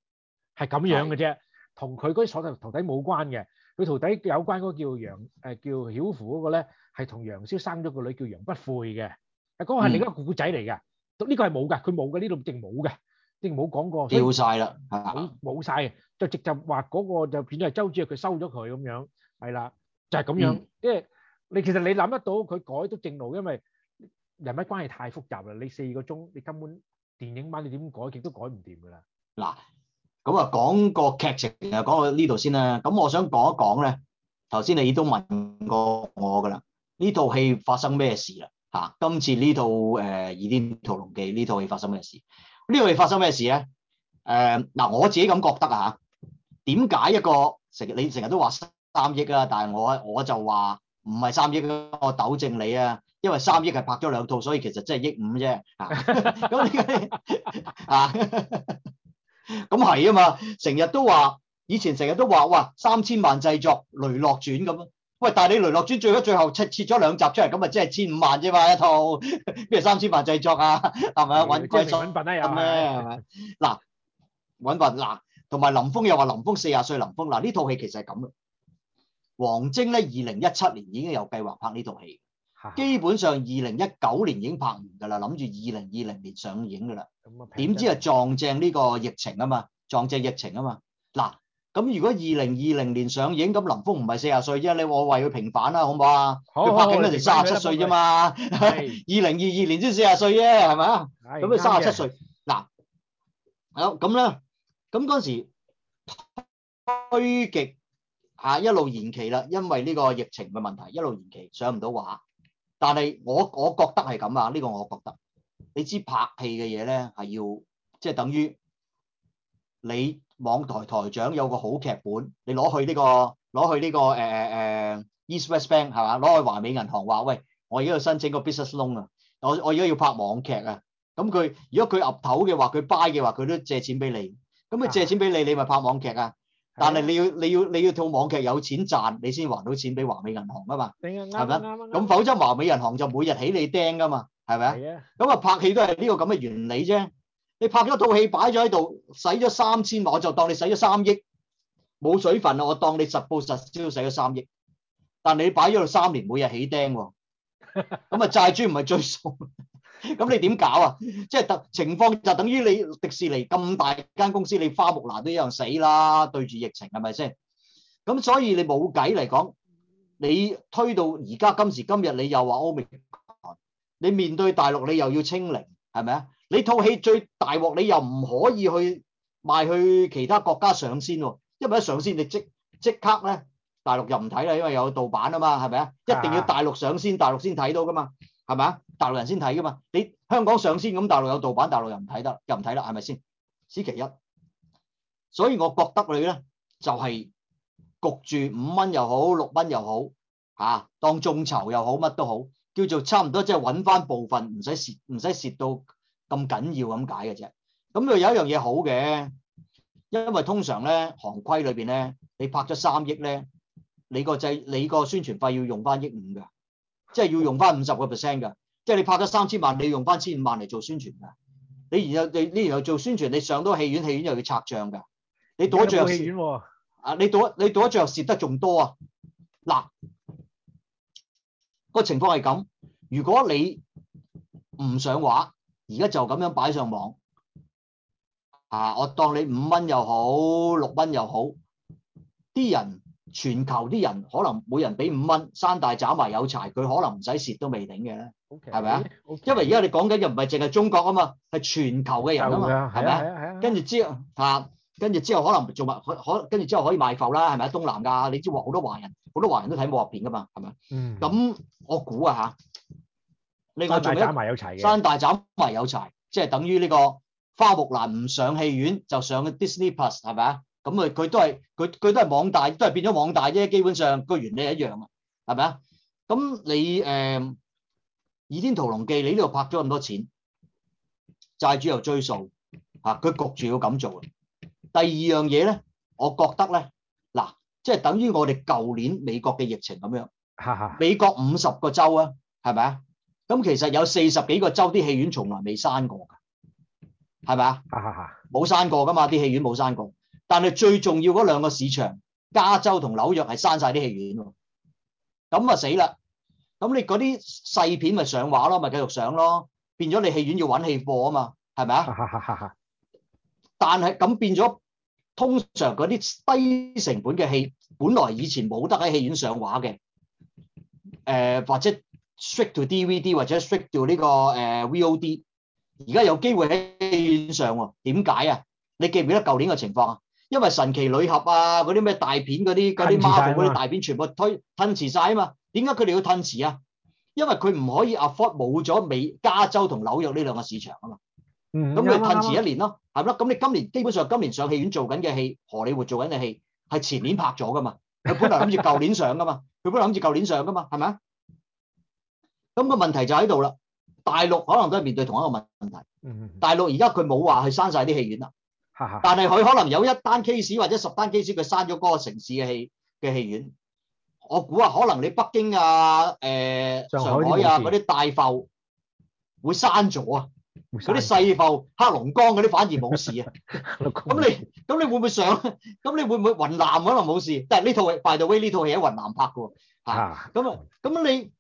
係咁樣嘅啫。同佢嗰啲徒弟徒弟冇關嘅，佢徒弟有關嗰個叫楊誒叫曉芙嗰個咧，係同楊逍生咗個女叫楊不悔嘅。啊，嗰個係另一個故仔嚟嘅，呢個係冇嘅，佢冇嘅呢度淨冇嘅，淨冇講過。掉晒啦，冇冇晒，就直接話嗰個就變咗係周芷若，佢收咗佢咁樣，係啦，就係咁樣，即係你其實你諗得到佢改都正路，因為人物關係太複雜啦。你四個鐘你根本電影版你點改極都改唔掂噶啦。嗱。咁啊，講個劇情啊，講到呢度先啦。咁我想講一講咧，頭先你都問過我噶啦，呢套戲發生咩事啦？嚇、啊，今次呢套誒《倚、呃、天屠龍記》呢套戲發生咩事？呢套戲發生咩事咧？誒、啊、嗱、啊，我自己咁覺得啊嚇，點解一個成你成日都話三億啊？但係我我就話唔係三億我糾正你啊，因為三億係拍咗兩套，所以其實真係億五啫。咁你啊？ [laughs] [laughs] [laughs] 咁係啊嘛，成日都話，以前成日都話，哇，三千萬製作《雷洛傳》咁咯，喂，但係你《雷洛傳》最咗最後切切咗兩集出嚟，咁咪即係千五萬啫嘛，一套，咩三千萬製作啊？係咪啊？揾鬼出品啊？係咪？嗱，揾份。嗱，同埋林峰又話林峰四十歲，林峰嗱，呢套戲其實係咁啦，王晶咧，二零一七年已經有計劃拍呢套戲。基本上二零一九年已經拍完噶啦，諗住二零二零年上映噶啦。點均知啊，撞正呢個疫情啊嘛，撞正疫情啊嘛。嗱，咁如果二零二零年上映，咁林峰唔係四十歲啫，你我為佢平反啦，好唔好啊？佢拍緊嗰時三十七歲啫嘛，二零二二年先四十歲啫，係咪啊？咁佢三十七歲。嗱，好咁啦，咁嗰時推極吓一路延期啦，因為呢個疫情嘅問題一路延期，上唔到畫。但係我我覺得係咁啊，呢、這個我覺得，你知拍戲嘅嘢咧係要，即、就、係、是、等於你網台台長有個好劇本，你攞去呢、這個攞去呢、這個誒誒、uh, uh, East West Bank 係嘛，攞去華美銀行話喂，我而家要申請個 business loan 啊，我我而家要拍網劇啊，咁佢如果佢岌頭嘅話，佢 buy 嘅話，佢都借錢俾你，咁佢借錢俾你，你咪拍網劇啊。但係你要，啊、你要你要，你要套網劇有錢賺，你先還到錢俾華美銀行啊嘛，係咪是？咁吧否則華美銀行就每日起你釘噶嘛，係咪啊？咁啊拍戲都係呢個咁嘅原理啫。你拍咗套戲擺咗喺度，使咗三千萬，我就當你使咗三億，冇水分啦，我當你實報實銷使咗三億。但你擺咗度三年，每日起釘，咁啊債主唔係追數？ [laughs] [laughs] 咁你點搞啊？即係等情況就等於你迪士尼咁大間公司，你花木蘭都一樣死啦。對住疫情係咪先？咁所以你冇計嚟講，你推到而家今時今日，你又話歐美，你面對大陸你又要清零，係咪啊？你套戲最大鑊，你又唔可以去賣去其他國家上線喎，因為一上線你即即刻咧大陸又唔睇啦，因為有盜版啊嘛，係咪啊？一定要大陸上先，大陸先睇到噶嘛。係咪啊？大陸人先睇㗎嘛。你香港上先咁，大陸有盜版，大陸又唔睇得，又唔睇啦，係咪先？此其一。所以我覺得你咧就係焗住五蚊又好，六蚊又好，嚇當眾籌又好，乜都好，叫做差唔多即係揾翻部分，唔使蝕，唔使蝕到咁緊要咁解嘅啫。咁佢有一樣嘢好嘅，因為通常咧行規裏邊咧，你拍咗三億咧，你個製你個宣傳費要用翻億五㗎。即係要用翻五十個 percent 㗎，即係你拍咗三千萬，你用翻千五萬嚟做宣傳㗎。你然後你呢？然後做宣傳，你上到戲院，戲院又要拆賬㗎。你到咗最後，有有啊！你到你到咗最後蝕得仲多啊！嗱，個情況係咁。如果你唔上畫，而家就咁樣擺上網啊！我當你五蚊又好，六蚊又好，啲人。全球啲人可能每人俾五蚊，山大斬埋有柴，佢可能唔使蝕都未頂嘅咧，係咪、嗯嗯、OK 啊？因為而家你講緊嘅唔係淨係中國啊嘛，係全球嘅人啊嘛，係咪啊,啊？跟住之後嚇，跟住之後可能做埋可可，跟住之後可以賣埠啦，係咪啊？東南亞你知話好多華人，好多華人都睇武俠片噶嘛，係咪啊？咁、嗯、我估啊嚇，你話做山大斬埋有柴嘅，山大斬埋有柴，即係等於呢個花木蘭唔上戲院就上 Disney Plus 係咪啊？咁佢佢都係佢佢都係網大，都係變咗網大啫。基本上個原理係一樣啊，係咪啊？咁你誒、呃《倚天屠龍記》你呢度拍咗咁多錢，債主又追數。嚇，佢焗住要咁做啊。第二樣嘢咧，我覺得咧，嗱、啊，即係等於我哋舊年美國嘅疫情咁樣，美國五十個州啊，係咪啊？咁其實有四十幾個州啲戲院從來未閂過㗎，係咪啊？冇閂 [laughs] 過㗎嘛，啲戲院冇閂過。但係最重要嗰兩個市場，加州同紐約係閂晒啲戲院，咁啊死啦！咁你嗰啲細片咪上畫咯，咪繼續上咯，變咗你戲院要揾戲貨啊嘛，係咪啊？ [laughs] 但係咁變咗，通常嗰啲低成本嘅戲，本來以前冇得喺戲院上畫嘅，誒、呃、或者 straight to DVD 或者 straight to 呢個誒、uh, VOD，而家有機會喺戲院上喎？點解啊？你記唔記得舊年嘅情況啊？因為神奇女俠啊，嗰啲咩大片嗰啲嗰啲 Marvel 嗰啲大片全部推褪遲晒啊嘛，點解佢哋要褪遲啊？因為佢唔可以 afford 冇咗美加州同紐約呢兩個市場啊嘛，咁佢褪遲一年咯，係、嗯嗯、咯？咁你今年基本上今年上戲院做緊嘅戲，荷里活做緊嘅戲係前年拍咗噶嘛，佢本嚟諗住舊年上噶嘛，佢 [laughs] 本嚟諗住舊年上噶嘛，係咪？咁個問題就喺度啦，大陸可能都係面對同一個問題，大陸而家佢冇話去閂晒啲戲院啦。但係佢可能有一單 case 或者十單 case，佢刪咗嗰個城市嘅戲嘅戲院。我估啊，可能你北京啊、誒、呃、上海啊嗰啲大埠會刪咗啊，嗰啲細埠、黑龍江嗰啲反而冇事啊。咁 [laughs] 六公 你咁你會唔會上？咁你會唔會雲南可能冇事？但係呢套戲，by the way，呢套戲喺雲南拍㗎喎。嚇！咁啊，咁你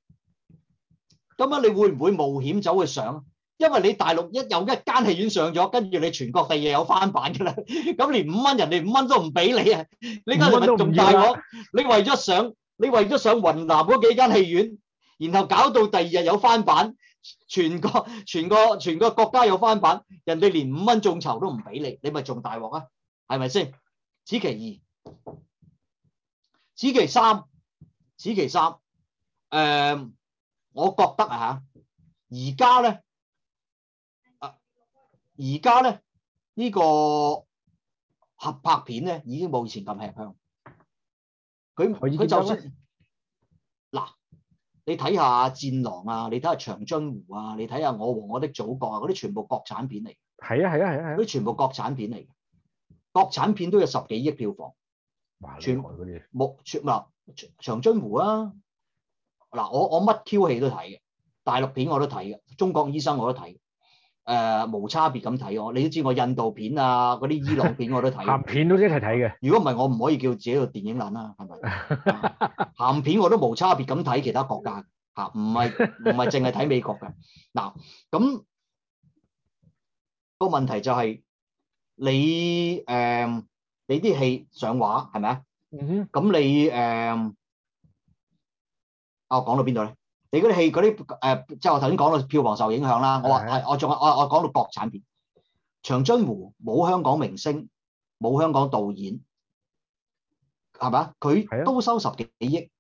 咁啊，你會唔會冒險走去上？因為你大陸一有一間戲院上咗，跟住你全國第二日有翻版噶啦，咁連五蚊人哋五蚊都唔俾你啊！呢家你咪仲大鑊。你為咗上，你為咗上雲南嗰幾間戲院，然後搞到第二日有翻版，全國、全國、全國國家有翻版，人哋連五蚊眾籌都唔俾你，你咪仲大鑊啊？係咪先？此其二，此其三，此其三。誒，我覺得啊吓，而家咧。而家咧呢個合拍片咧已經冇以前咁吃香。佢佢就算嗱，你睇下《戰狼》啊，你睇下《長津湖》啊，你睇下《我和我的祖國》啊，嗰啲全部國產片嚟。係啊係啊係啊係。嗰啲全部國產片嚟，國產片都有十幾億票房。哇全外嗰啲。冇些全嗱《長津湖》啊，嗱我我乜 Q 戲都睇嘅，大陸片我都睇嘅，《中國醫生》我，醫生我都睇。誒無差別咁睇我，你都知我印度片啊，嗰啲伊朗片我都睇。鹹片都一齊睇嘅。如果唔係我唔可以叫自己個電影爛啦，係咪？鹹片我都無差別咁睇其他國家嚇，唔係唔係淨係睇美國嘅。嗱，咁個問題就係你誒你啲戲上畫係咪啊？嗯哼。咁你誒啊，我講到邊度咧？你嗰啲戲嗰啲誒，即係我頭先講到票房受影響啦的。我話我仲我我講到國產片《長津湖》，冇香港明星，冇香港導演，係咪？佢都收十幾億。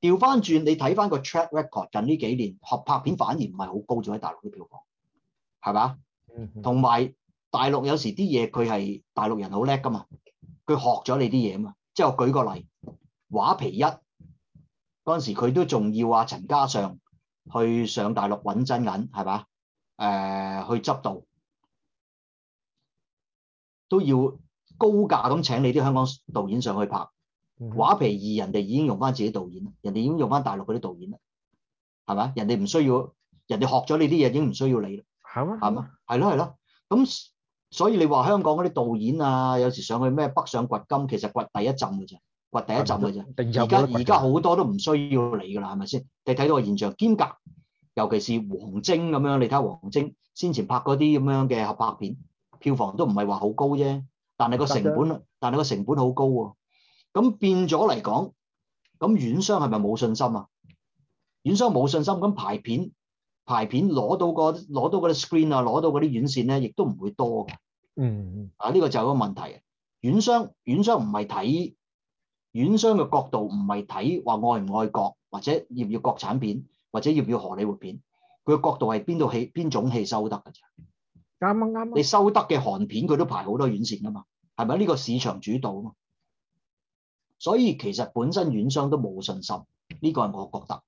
調翻轉，你睇翻個 track record 近呢幾年，合拍片反而唔係好高，做喺大陸啲票房係咪？嗯哼。同埋大陸有時啲嘢佢係大陸人好叻噶嘛，佢學咗你啲嘢嘛。即係我舉個例，《畫皮一》。嗰陣時佢都仲要啊陳嘉上去上大陸揾真銀，係嘛？誒、呃、去執導都要高價咁請你啲香港導演上去拍畫、嗯、皮二，人哋已經用翻自己導演，人哋已經用翻大陸嗰啲導演啦，係咪？人哋唔需要，人哋學咗你啲嘢已經唔需要你啦，係嘛嗎？係咯係咯，咁所以你話香港嗰啲導演啊，有時上去咩北上掘金，其實掘第一浸㗎啫。第一陣嘅啫，而家而家好多都唔需要你噶啦，係咪先？你睇到個現象兼隔，尤其是黃晶咁樣，你睇下黃晶先前拍嗰啲咁樣嘅合拍片，票房都唔係話好高啫，但係個成本，嗯、但係個成本好高喎、啊。咁變咗嚟講，咁院商係咪冇信心啊？院商冇信心，咁排片排片攞到、個攞到嗰啲 screen 啊，攞到嗰啲院線咧，亦都唔會多嘅。嗯啊呢、呢個就係個問題。院商院商唔係睇。院商嘅角度唔係睇話愛唔愛國，或者要唔要國產片，或者要唔要荷里活片。佢嘅角度係邊套戲、邊種戲收得嘅啫。啱啊，啱你收得嘅韓片，佢都排好多院線㗎嘛？係咪呢個市場主導啊？所以其實本身院商都冇信心，呢、呢個係我覺得。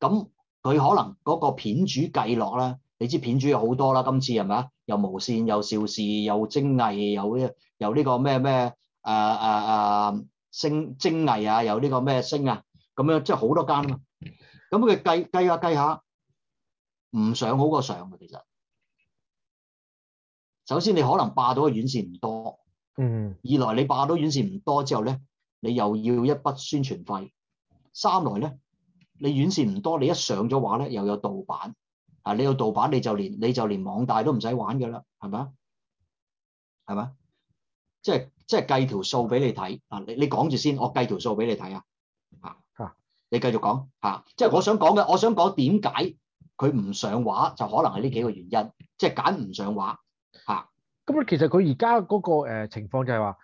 咁佢可能嗰個片主計落啦，你知片主有好多啦。今次係咪啊？又無線，又邵氏，又精藝，又呢呢個咩咩誒誒誒。星精藝啊，有呢個咩星啊，咁樣即係好多間嘛。咁佢計計下計下，唔上好過上嘅其實。首先你可能霸到嘅院線唔多，嗯。二來你霸到院線唔多之後咧，你又要一筆宣傳費。三來咧，你院線唔多，你一上咗畫咧又有盜版，啊，你有盜版你就連你就連網大都唔使玩㗎喇，係咪？係咪？即係。即係計條數俾你睇啊！你你講住先，我計條數俾你睇啊！啊，你繼續講吓、啊，即係我想講嘅，我想講點解佢唔上畫就可能係呢幾個原因，即係揀唔上畫吓。咁、啊嗯、其實佢而家嗰個誒、呃、情況就係話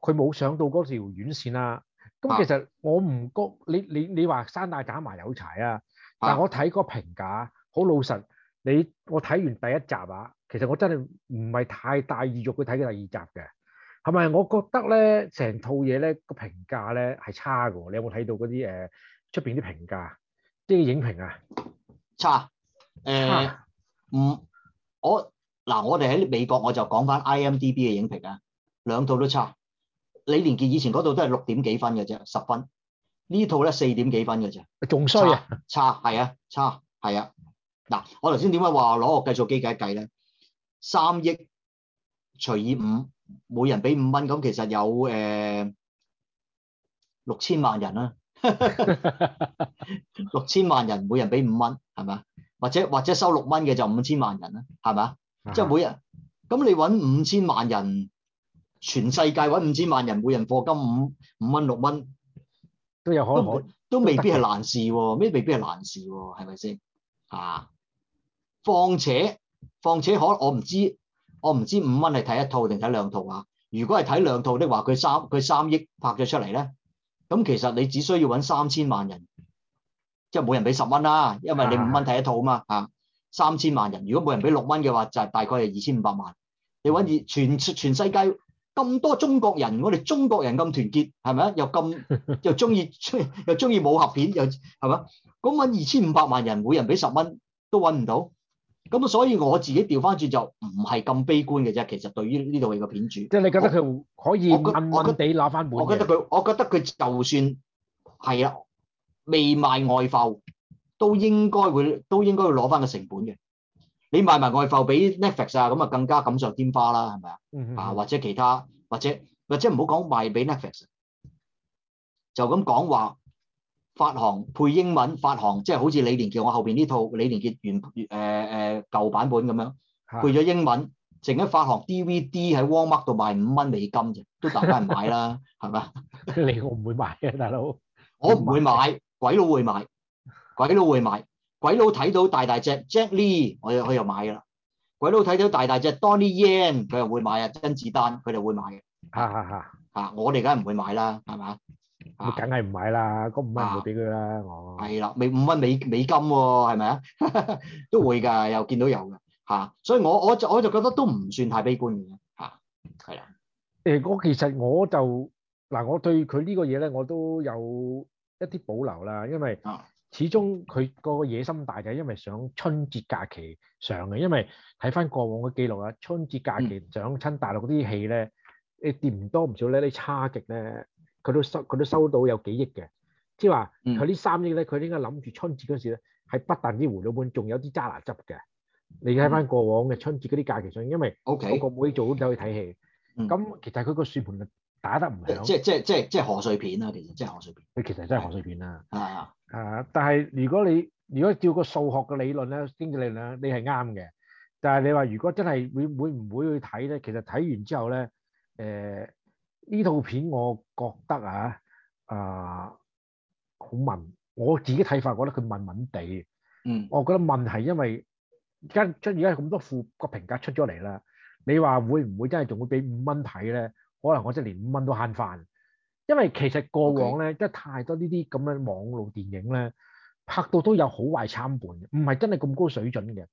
佢冇上到嗰條院線啦、啊。咁、嗯啊、其實我唔覺你你你話山大揀埋有柴啊，但係我睇嗰個評價好老實，你我睇完第一集啊，其實我真係唔係太大意欲去睇第二集嘅。係咪？我覺得咧，成套嘢咧個評價咧係差嘅。你有冇睇到嗰啲誒出邊啲評價，啲影評啊？差誒，唔我嗱，我哋喺美國我就講翻 IMDB 嘅影評啊，兩套都差。李連杰以前嗰套都係六點幾分嘅啫，十分。套呢套咧四點幾分嘅啫，仲衰差啊！差係啊，差係啊。嗱，我頭先點解話攞個計數機計一計咧？三億除以五。每人俾五蚊，咁其實有誒六千萬人啦，啊，六千萬人每人俾五蚊，係咪啊？或者或者收六蚊嘅就五千萬人啦，係咪啊？即係、嗯、每人，咁你搵五千萬人，全世界搵五千萬人，每人課金五五蚊六蚊，都有可能？都，都未必係難事喎，啊，咩未必係難事喎？係咪先啊？況、啊、且況且可，我唔知。我唔知五蚊係睇一套定睇兩套啊！如果係睇兩套的話，佢三佢三億拍咗出嚟咧，咁其實你只需要揾三千萬人，即係每人俾十蚊啦，因為你五蚊睇一套嘛、uh huh. 啊嘛嚇，三千萬人，如果每人俾六蚊嘅話，就係、大概係二千五百萬。你揾二全全世界咁多中國人，如果我哋中國人咁團結，係咪啊？又咁又中意又中意武俠片，又係咪啊？咁揾二千五百萬人，每人俾十蚊都揾唔到。咁所以我自己調翻轉就唔係咁悲觀嘅啫。其實對於呢度嘅片主，即係你覺得佢可以我硬硬地攞翻本我？我覺得佢，我覺得佢就算係啊，未賣外埠，都應該會，都應該會攞翻個成本嘅。你賣埋外埠俾 Netflix 啊，咁啊更加錦上添花啦，係咪啊？Mm hmm. 啊，或者其他，或者或者唔好講賣俾 Netflix，就咁講話。發行配英文，發行，即係好似李連杰我後邊呢套李連杰原誒誒、呃、舊版本咁樣，配咗英文，淨係發行 DVD 喺 Walmart 度賣五蚊美金啫，都大家唔買啦，係咪 [laughs] 吧？你我唔會買嘅，大佬。我唔會買,會買,鬼會買，鬼佬會買，鬼佬會買，鬼佬睇到,到大大隻 Jack Lee，我又佢又買㗎啦。鬼佬睇到大大隻 Donnie Yen，佢又會買啊甄子丹，佢哋會買。嚇嚇嚇嚇，我哋梗係唔會買啦，係嘛？梗係唔買啦，嗰五蚊唔會俾佢啦，我係啦，美五蚊美美金喎，係咪啊？ [laughs] 都會㗎，又見到有㗎，嚇、啊，所以我我就我就覺得都唔算太悲觀嘅，嚇，係啊。誒，其實我就嗱，我對佢呢個嘢咧，我都有一啲保留啦，因為始終佢個野心大就係因為想春節假期上嘅，因為睇翻過往嘅記錄啊，春節假期上親大陸啲戲咧、嗯，你掂唔多唔少咧，啲差極咧。佢都收，佢都收到有幾億嘅，即係話佢呢三億咧，佢應該諗住春節嗰時咧，係不但止回咗本，仲有啲渣拿汁嘅。你睇翻過往嘅春節嗰啲假期上，因為 O K，個妹做咁走去睇戲。咁 Okay. 其實佢個算盤就打得唔響，嗯，即係即係即係即係賀歲片啦，啊，其實即係賀歲片。佢其實真係賀歲片啦。係啊。係啊，但係如果你如果照個數學嘅理論咧，經濟理論你係啱嘅。但係你話如果真係會會唔會去睇咧？其實睇完之後咧，誒、呃。呢套片我覺得啊，啊、呃、好悶，我自己睇法，我覺得佢悶悶哋。嗯。我覺得悶係因為而家出而家咁多負個評價出咗嚟啦。你話會唔會真係仲會俾五蚊睇咧？可能我真係連五蚊都慳翻。因為其實過往咧，即係 Okay. 太多呢啲咁樣嘅網路電影咧，拍到都有好壞參半，唔係真係咁高水準嘅。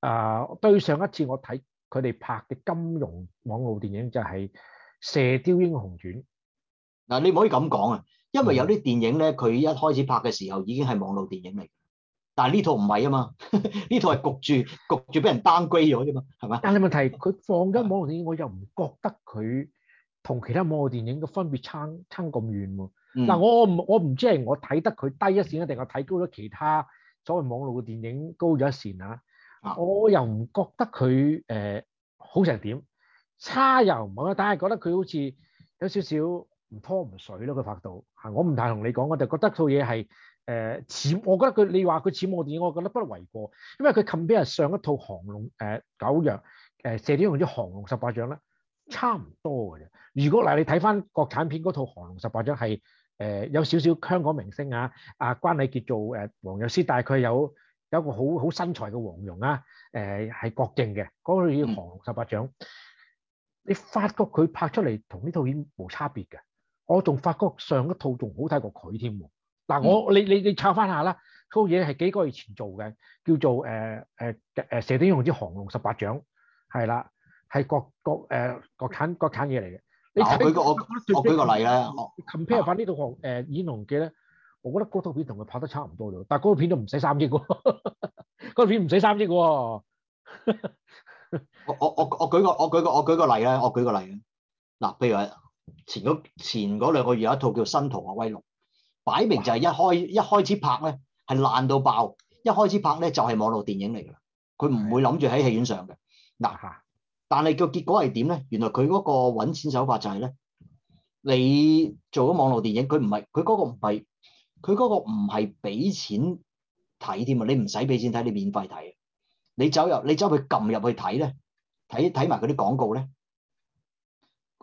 啊、呃，對上一次我睇佢哋拍嘅金融網絡電影就係、是。射雕英雄傳。嗱，你唔可以咁講啊，因為有啲電影咧，佢一開始拍嘅時候已經係網絡電影嚟。但係呢套唔係啊嘛，呢套係焗住焗住俾人 downgrade 咗啫嘛，係嘛？但係問題佢放緊網絡電影，的我又唔覺得佢同其他網絡電影嘅分別撐撐咁遠喎。嗱、嗯，我我唔我唔知係我睇得佢低一線，定係我睇高咗其他所謂網絡嘅電影高咗一線啊？的我又唔覺得佢誒、呃、好成點。差又唔係，但係覺得佢好似有少少唔拖唔水咯。佢拍到嚇，我唔太同你講，我就覺得套嘢係誒淺。我覺得佢你話佢似我，電影，我覺得不為過，因為佢近邊係上一套《降龍》誒、呃《九陽》誒、呃、射雕英雄傳《降龍十八掌》啦，差唔多嘅啫。如果嗱你睇翻國產片嗰套《降龍十八掌》係誒、呃、有少少香港明星啊，阿、啊、關禮傑做誒黃藥師，但係佢有有一個好好身材嘅黃蓉啊，誒、呃、係郭靖嘅嗰套《降龍十八掌》嗯。你發覺佢拍出嚟同呢套片冇差別嘅，我仲發覺上一套仲好睇過佢添。嗱、啊、我你你你抄翻下啦，套嘢係幾個月前做嘅，叫做誒誒誒《射、呃、雕、呃、英雄之降龍十八掌》，係啦，係國國誒國產國產嘢嚟嘅。嗱，佢、啊、個我我舉個例啦，compare 翻呢套降演龍記咧，我覺得嗰套片同佢拍得差唔多咗，但係嗰套片都唔使三億，嗰 [laughs] 套片唔使三億喎。 [laughs] 我我我我舉個我舉個我舉個例啦。我舉個例咧嗱，譬如話前嗰前嗰兩個月有一套叫《新逃學威龍》，擺明就係一開哇一開始拍咧係爛到爆，一開始拍咧就係、是、網絡電影嚟噶啦，佢唔會諗住喺戲院上嘅嗱，的但係個結果係點咧？原來佢嗰個揾錢手法就係、是、咧，你做咗網絡電影，佢唔係佢嗰個唔係佢嗰個唔係俾錢睇添啊，你唔使俾錢睇，你免費睇。你走入，你走去撳入去睇咧，睇睇埋嗰啲廣告咧，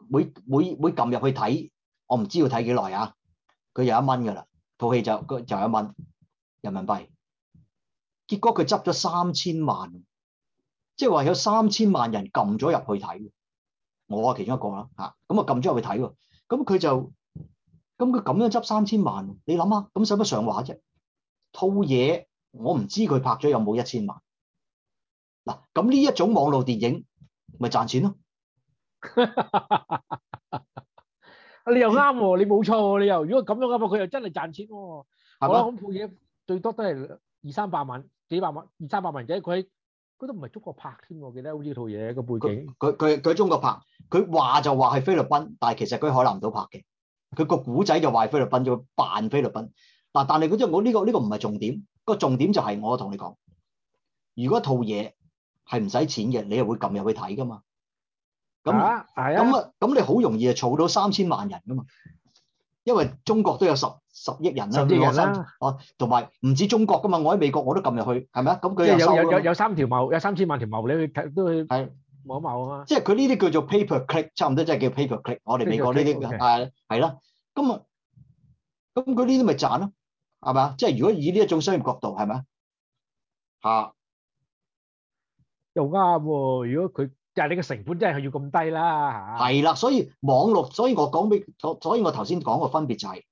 每每每撳入去睇，我唔知要睇幾耐啊。佢有一蚊㗎喇，套戲就個就有一蚊人民幣。結果佢執咗三千萬，即係話有三千萬人撳咗入去睇，我啊其中一個啦吓，咁啊撳咗入去睇喎，咁佢就咁佢咁樣執三千萬，你諗下，咁使乜上畫啫？套嘢我唔知佢拍咗有冇一千萬。嗱，咁呢一種網絡電影咪賺錢咯 [laughs] 、哦哦？你又啱喎，你冇錯喎，你又如果咁樣嘅話，佢又真係賺錢喎、哦。吧我諗套嘢最多都係二三百萬、幾百萬、二三百萬啫。佢佢都唔係中國拍添喎，記得好似套嘢個背景。佢佢佢喺中國拍，佢話就話係菲律賓，但係其實佢喺海南島拍嘅。佢個古仔就話菲律賓，就扮菲律賓。嗱，但係嗰啲我呢個呢、呢個唔係、呢個、重點，個重點就係我同你講，如果套嘢，係唔使錢嘅，你又會撳入去睇噶嘛？咁，係啊，咁啊，咁你好容易啊，儲到三千萬人噶嘛？因為中國都有十十億人啦，十億人啦、啊，哦、啊，同埋唔止中國噶嘛？我喺美國我都撳入去，係咪啊？咁佢有有有有三條茂，有三千萬條茂。你去睇都去係冇得茂啊嘛？即係佢呢啲叫做 paper click，差唔多即係叫 paper click。我哋美國呢啲係係啦，咁啊 paper click,、okay.，咁佢呢啲咪賺咯，係咪啊？即係如果以呢一種商業角度，係咪啊？嚇！又啱喎、啊！如果佢就係、是、你個成本真係要咁低啦嚇。係啦，所以網絡，所以我講俾所，所以我頭先講個分別就係、是，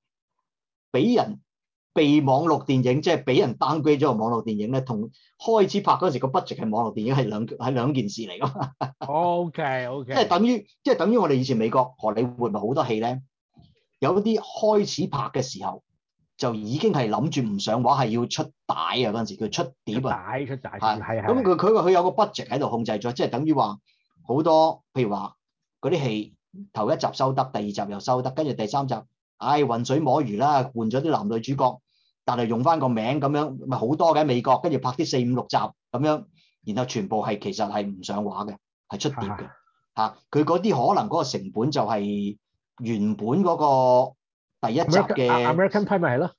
俾人被網絡電影即係俾人 downgrade 咗個網絡電影咧，同開始拍嗰時個 budget 係網絡電影係兩係兩件事嚟㗎嘛。O K O K，即係等於即係、就是、等於我哋以前美國荷里活咪好多戲咧，有啲開始拍嘅時候。就已經係諗住唔上畫，係要出帶啊！嗰陣時佢出碟啊，帶出帶。係，係咁佢佢話佢有個 budget 喺度控制咗，即係等於話好多，譬如話嗰啲戲頭一集收得，第二集又收得，跟住第三集，唉，混水摸魚啦，換咗啲男女主角，但係用翻個名咁樣，咪好多嘅美國，跟住拍啲四五六集咁樣，然後全部係其實係唔上畫嘅，係出碟嘅。嚇，佢嗰啲可能嗰個成本就係原本嗰個。第一集嘅 American Pie 咪係咯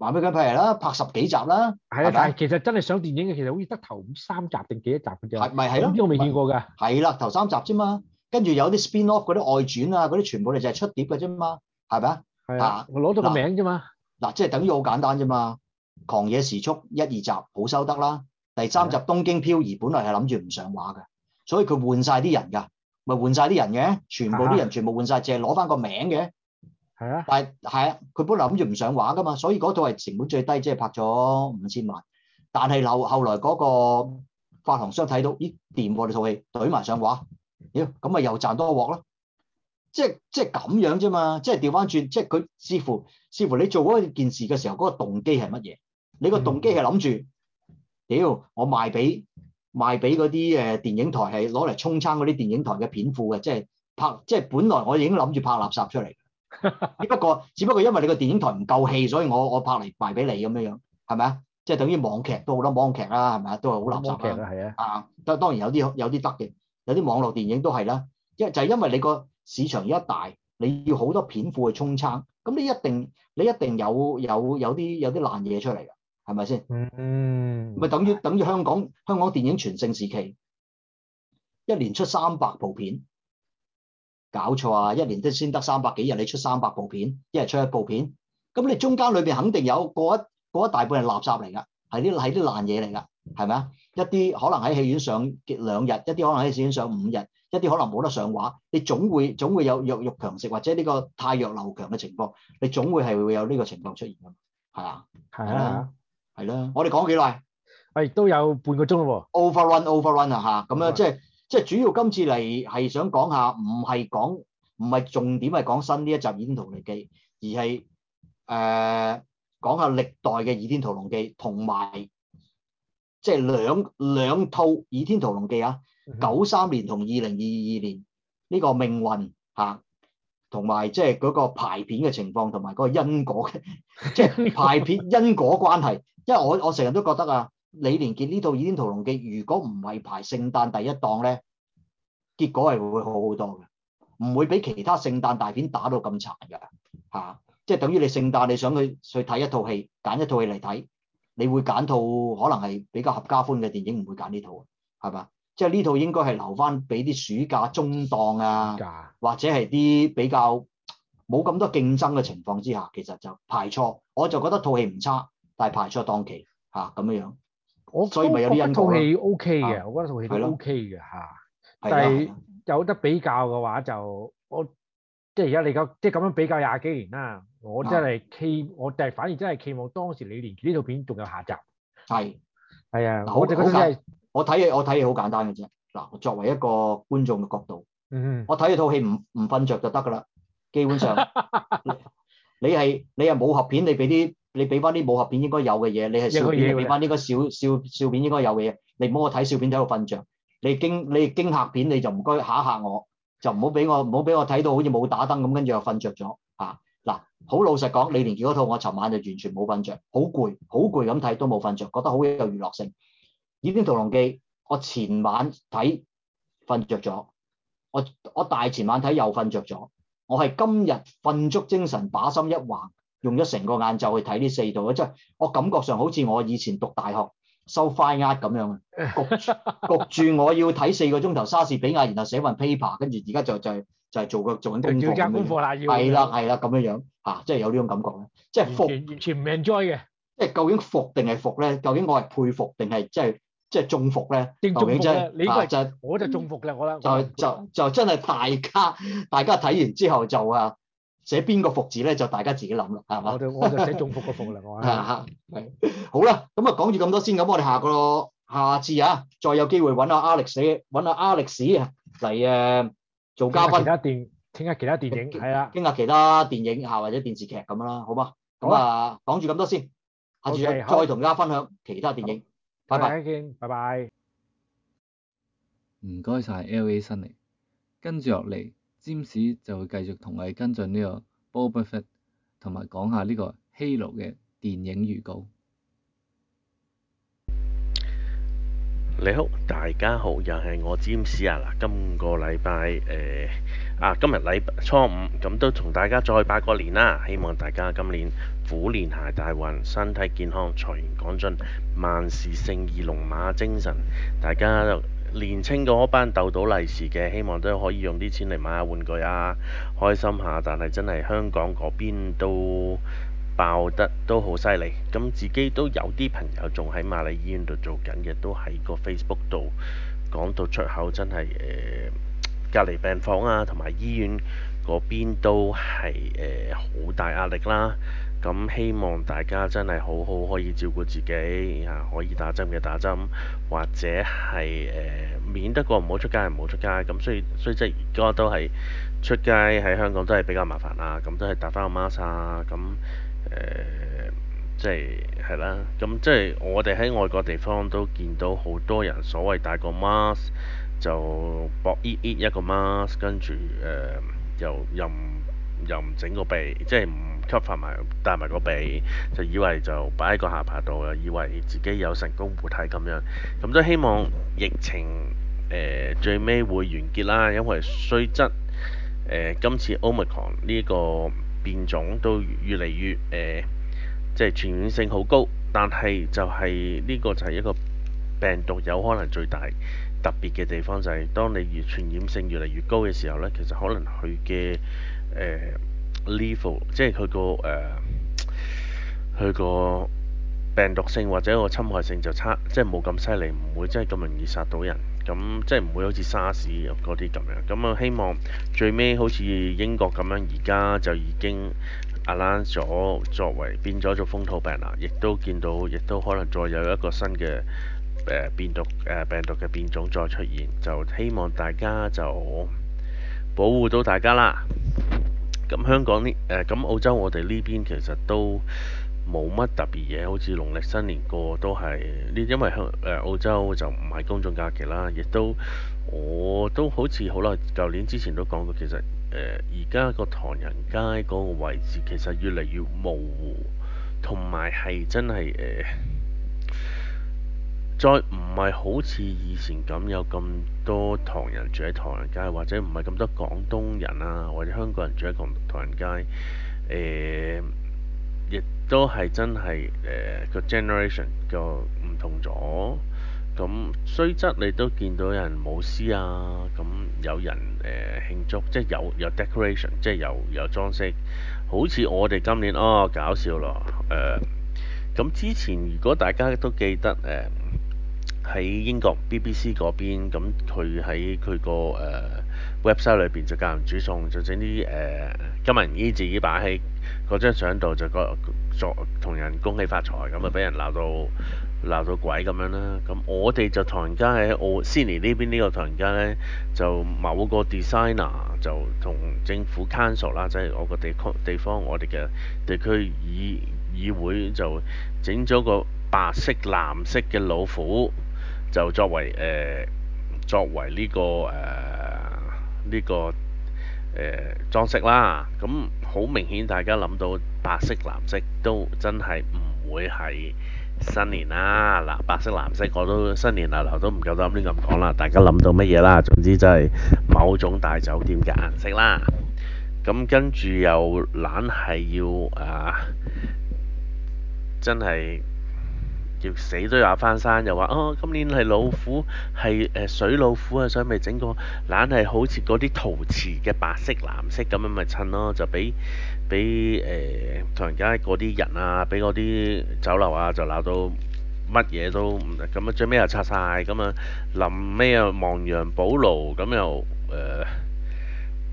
，American Pie 係啦，拍十幾集啦。係啊的，吧但係其實真係上電影嘅，其實好似得頭三集定幾多集嘅啫。咪係咯，我未見過嘅。係啦，頭三集啫嘛，跟住有啲 spin off 嗰啲外傳啊，嗰啲全部就係出碟嘅啫嘛，係咪啊？係啊的，的我攞到個名啫嘛。嗱，即係等於好簡單啫嘛。狂野時速一二集好收得啦，第三集的東京漂移本來係諗住唔上畫嘅，所以佢換晒啲人㗎，咪換晒啲人嘅，全部啲人，人全部換晒，淨係攞翻個名嘅。係啊，但係係啊，佢本嚟諗住唔上畫噶嘛，所以嗰套係成本最低，即係拍咗五千萬。但係後後來嗰個發行商睇到，咦掂喎，你、啊、套戲懟埋上畫，咦、哎，咁咪又賺多一鑊咯。即係即係咁樣啫嘛，即係調翻轉，即係佢似乎似乎你做嗰件事嘅時候，嗰、嗰個動機係乜嘢？你個動機係諗住屌我賣俾賣俾嗰啲誒電影台，係攞嚟充撐嗰啲電影台嘅片庫嘅，即係拍即係本來我已經諗住拍垃圾出嚟。 [laughs] 只不過只不過因為你個電影台唔夠氣，所以我我拍嚟賣俾你咁樣樣，係咪、就是、啊？即係等於網劇都好多網劇啦，係咪啊？都係好垃圾啊！網劇係啊，啊，但當然有啲有啲得嘅，有啲網絡電影都係啦。一就係、是、因為你個市場一大，你要好多片庫去沖撐，咁你一定你一定有有有啲有啲爛嘢出嚟嘅，係咪先？嗯，咪等於等於香港香港電影全盛時期，一年出三百部片。搞錯啊！一年得先得三百幾日，你出三百部片，一日出一部片，咁你中間裏邊肯定有過一過一大半係垃圾嚟噶，係啲係啲爛嘢嚟噶，係咪啊？一啲可能喺戲院上兩日，一啲可能喺戲院上五日，一啲可能冇得上畫，你總會總會有弱肉強食或者呢個太弱流強嘅情況，你總會係會有呢個情況出現噶，係嘛？係啊，係啦，係啊，我哋講幾耐？誒，都有半個鐘喎，Overrun，Overrun 啊吓，咁樣即係。即係主要今次嚟係想講下，唔係講，唔係重點係講新呢一集《倚天屠龍記》，而係誒、呃、講下歷代嘅《倚天屠龍記》，同埋即係兩兩套《倚天屠龍記》啊，mm hmm. 九三年同二零二二年呢、呢個命運嚇，同埋即係嗰個排片嘅情況，同埋嗰個因果嘅，即係排片因果嘅關係。因為我我成日都覺得啊。李連杰呢套《倚天屠龍記》如果唔係排聖誕第一檔咧，結果係會好好多嘅，唔會俾其他聖誕大片打到咁殘噶吓。即係等於你聖誕你想去去睇一套戲，揀一套戲嚟睇，你會揀套可能係比較合家歡嘅電影，唔會揀呢套啊，係嘛？即係呢套應該係留翻俾啲暑假中檔啊，的或者係啲比較冇咁多競爭嘅情況之下，其實就排錯。我就覺得套戲唔差，但係排錯檔期吓咁樣樣。我所以咪有啲人套戲 OK 嘅，的我覺得套戲都 OK 嘅嚇。的但係有得比較嘅話就我即係而家你而即係咁樣比較廿幾年啦，我真係期的我就係反而真係期望當時李連杰呢套片仲有下集。係係啊，我哋覺得真係我睇嘢我睇嘢好簡單嘅啫。嗱，作為一個觀眾嘅角度，嗯、我睇呢套戲唔唔瞓着就得㗎啦。基本上 [laughs] 你係你又冇合片，你俾啲。你俾翻啲武俠片應該有嘅嘢，你係笑片俾翻呢個笑笑笑片應該有嘅嘢，你唔好我睇笑片睇到瞓着。你驚你驚吓片你就唔該嚇嚇我，就唔好俾我唔好俾我睇到好似冇打燈咁，跟住又瞓着咗嚇。嗱、啊，好老實講，李連杰嗰套我尋晚就完全冇瞓着。好攰好攰咁睇都冇瞓着，覺得好有娛樂性。倚天屠龍記我前晚睇瞓着咗，我我大前晚睇又瞓着咗，我係今日瞓足精神，把心一橫。用咗成個晏晝去睇呢四度，即係我感覺上好似我以前讀大學收 Fire 咁樣啊，焗焗住我要睇四個鐘頭莎士比亞，然後寫份 paper，跟住而家就就就係做個做緊功課咁樣。做緊功課啦要。係啦係啦咁樣樣嚇、啊，即係有呢種感覺咧，即係服，完全唔 enjoy 嘅。即係究竟服定係服咧？究竟我係佩服定係即係即係中服咧？定中服呢啊？你都係，我就中服啦，我諗就就就真係大家大家睇完之後就啊～寫邊個福字咧，就大家自己諗啦，係嘛？我就我就寫中福個福嚟講啊！係好啦，咁啊講住咁多先咁，我哋下個下次啊，再有機會揾下阿 Alex，揾下阿 Alex 嚟誒做嘉賓。其他電，傾下其他電影，係啊，傾下其他電影吓或者電視劇咁啦，好嘛？咁啊講住咁多先，下次再再同大家分享其他電影。拜拜，再見，拜拜。唔該晒，LA 辛尼。跟住落嚟，James 就會繼續同你跟進呢個《Boba Fett》同埋講下呢個 Halo 嘅電影預告。你好，大家好，又係我 James 啊！嗱，今個禮拜誒、呃、啊，今日禮拜初五，咁都同大家再拜個年啦！希望大家今年虎年行大運，身體健康，財源廣進，萬事勝意，龍馬精神，大家。年青嗰班鬥到利是嘅，希望都可以用啲錢嚟買下玩具啊，開心下。但係真係香港嗰邊都爆得都好犀利，咁自己都有啲朋友仲喺瑪麗醫院度做緊嘅，都喺個 Facebook 度講到出口真，真係誒隔離病房啊，同埋醫院嗰邊都係誒好大壓力啦。咁希望大家真係好好可以照顧自己，嚇可以打針嘅打針，或者係誒、呃、免得過唔好出街，唔好出街。咁所以所以即係而家都係出街喺香港都係比較麻煩啦。咁、嗯、都係打翻個 mask，咁誒即係係啦。咁即係我哋喺外國地方都見到好多人所謂戴個 mask 就薄一依一個 mask，跟住誒又又唔又唔整個鼻，即係。唔～吸發埋，戴埋個鼻，就以為就擺喺個下巴度，又以為自己有神功護體咁樣。咁都希望疫情誒、呃、最尾會完結啦，因為雖則誒、呃、今次 Omicron 呢個變種都越嚟越誒，即、呃、係、就是、傳染性好高，但係就係呢個就係一個病毒有可能最大特別嘅地方就係、是、當你越傳染性越嚟越高嘅時候呢，其實可能佢嘅誒。呃 Level 即係佢個誒佢個病毒性或者個侵害性就差，即係冇咁犀利，唔會真係咁容易殺到人。咁即係唔會好似沙士啲咁樣。咁啊，希望最尾好似英國咁樣，而家就已經 alert 咗作為變咗做風土病啦。亦都見到，亦都可能再有一個新嘅誒、呃呃、病毒誒病毒嘅變種再出現，就希望大家就保護到大家啦。咁香港呢誒咁澳洲我哋呢邊其實都冇乜特別嘢，好似農曆新年過都係呢，因為香誒、嗯、澳洲就唔係公眾假期啦，亦都我都好似好耐，舊年之前都講過，其實誒而家個唐人街嗰個位置其實越嚟越模糊，同埋係真係誒、呃，再唔係好似以前咁有咁。多唐人住喺唐人街，或者唔係咁多廣東人啊，或者香港人住喺唐唐人街，誒、呃，亦都係真係誒、呃、個 generation 個唔同咗。咁、嗯、雖則你都見到有人舞獅啊，咁、嗯、有人誒慶、呃、祝，即係有有 decoration，即係有有裝飾，好似我哋今年哦搞笑咯誒，咁、呃嗯、之前如果大家都記得誒。呃喺英國 BBC 嗰邊，咁佢喺佢個誒 website 裏邊就教人煮餸，就整啲誒金銀衣紙擺喺嗰張相度，就個作同人恭喜發財，咁啊俾人鬧到鬧到鬼咁樣啦。咁我哋就唐人街喺澳悉尼呢邊呢個唐人街呢，就某個 designer 就同政府 council 啦，即係我個地區地方我哋嘅地區議議會就整咗個白色藍色嘅老虎。就作為誒、呃，作為呢、這個誒，呢、呃這個誒、呃、裝飾啦。咁、嗯、好明顯，大家諗到白色、藍色都真係唔會係新年啦。嗱、呃，白色、藍色我都新年流流都唔夠膽亂咁講啦。大家諗到乜嘢啦？總之就係某種大酒店嘅顏色啦。咁、嗯、跟住又懶係要誒、啊，真係～要死都又話翻山，又話哦，今年係老虎，係誒、呃、水老虎啊，所以咪整個攬係好似嗰啲陶瓷嘅白色、藍色咁樣咪襯咯，就俾俾誒，唐人街嗰啲人啊，俾嗰啲酒樓啊，就鬧到乜嘢都唔，咁啊最尾又拆晒，咁啊臨尾又亡羊補牢，咁又誒。呃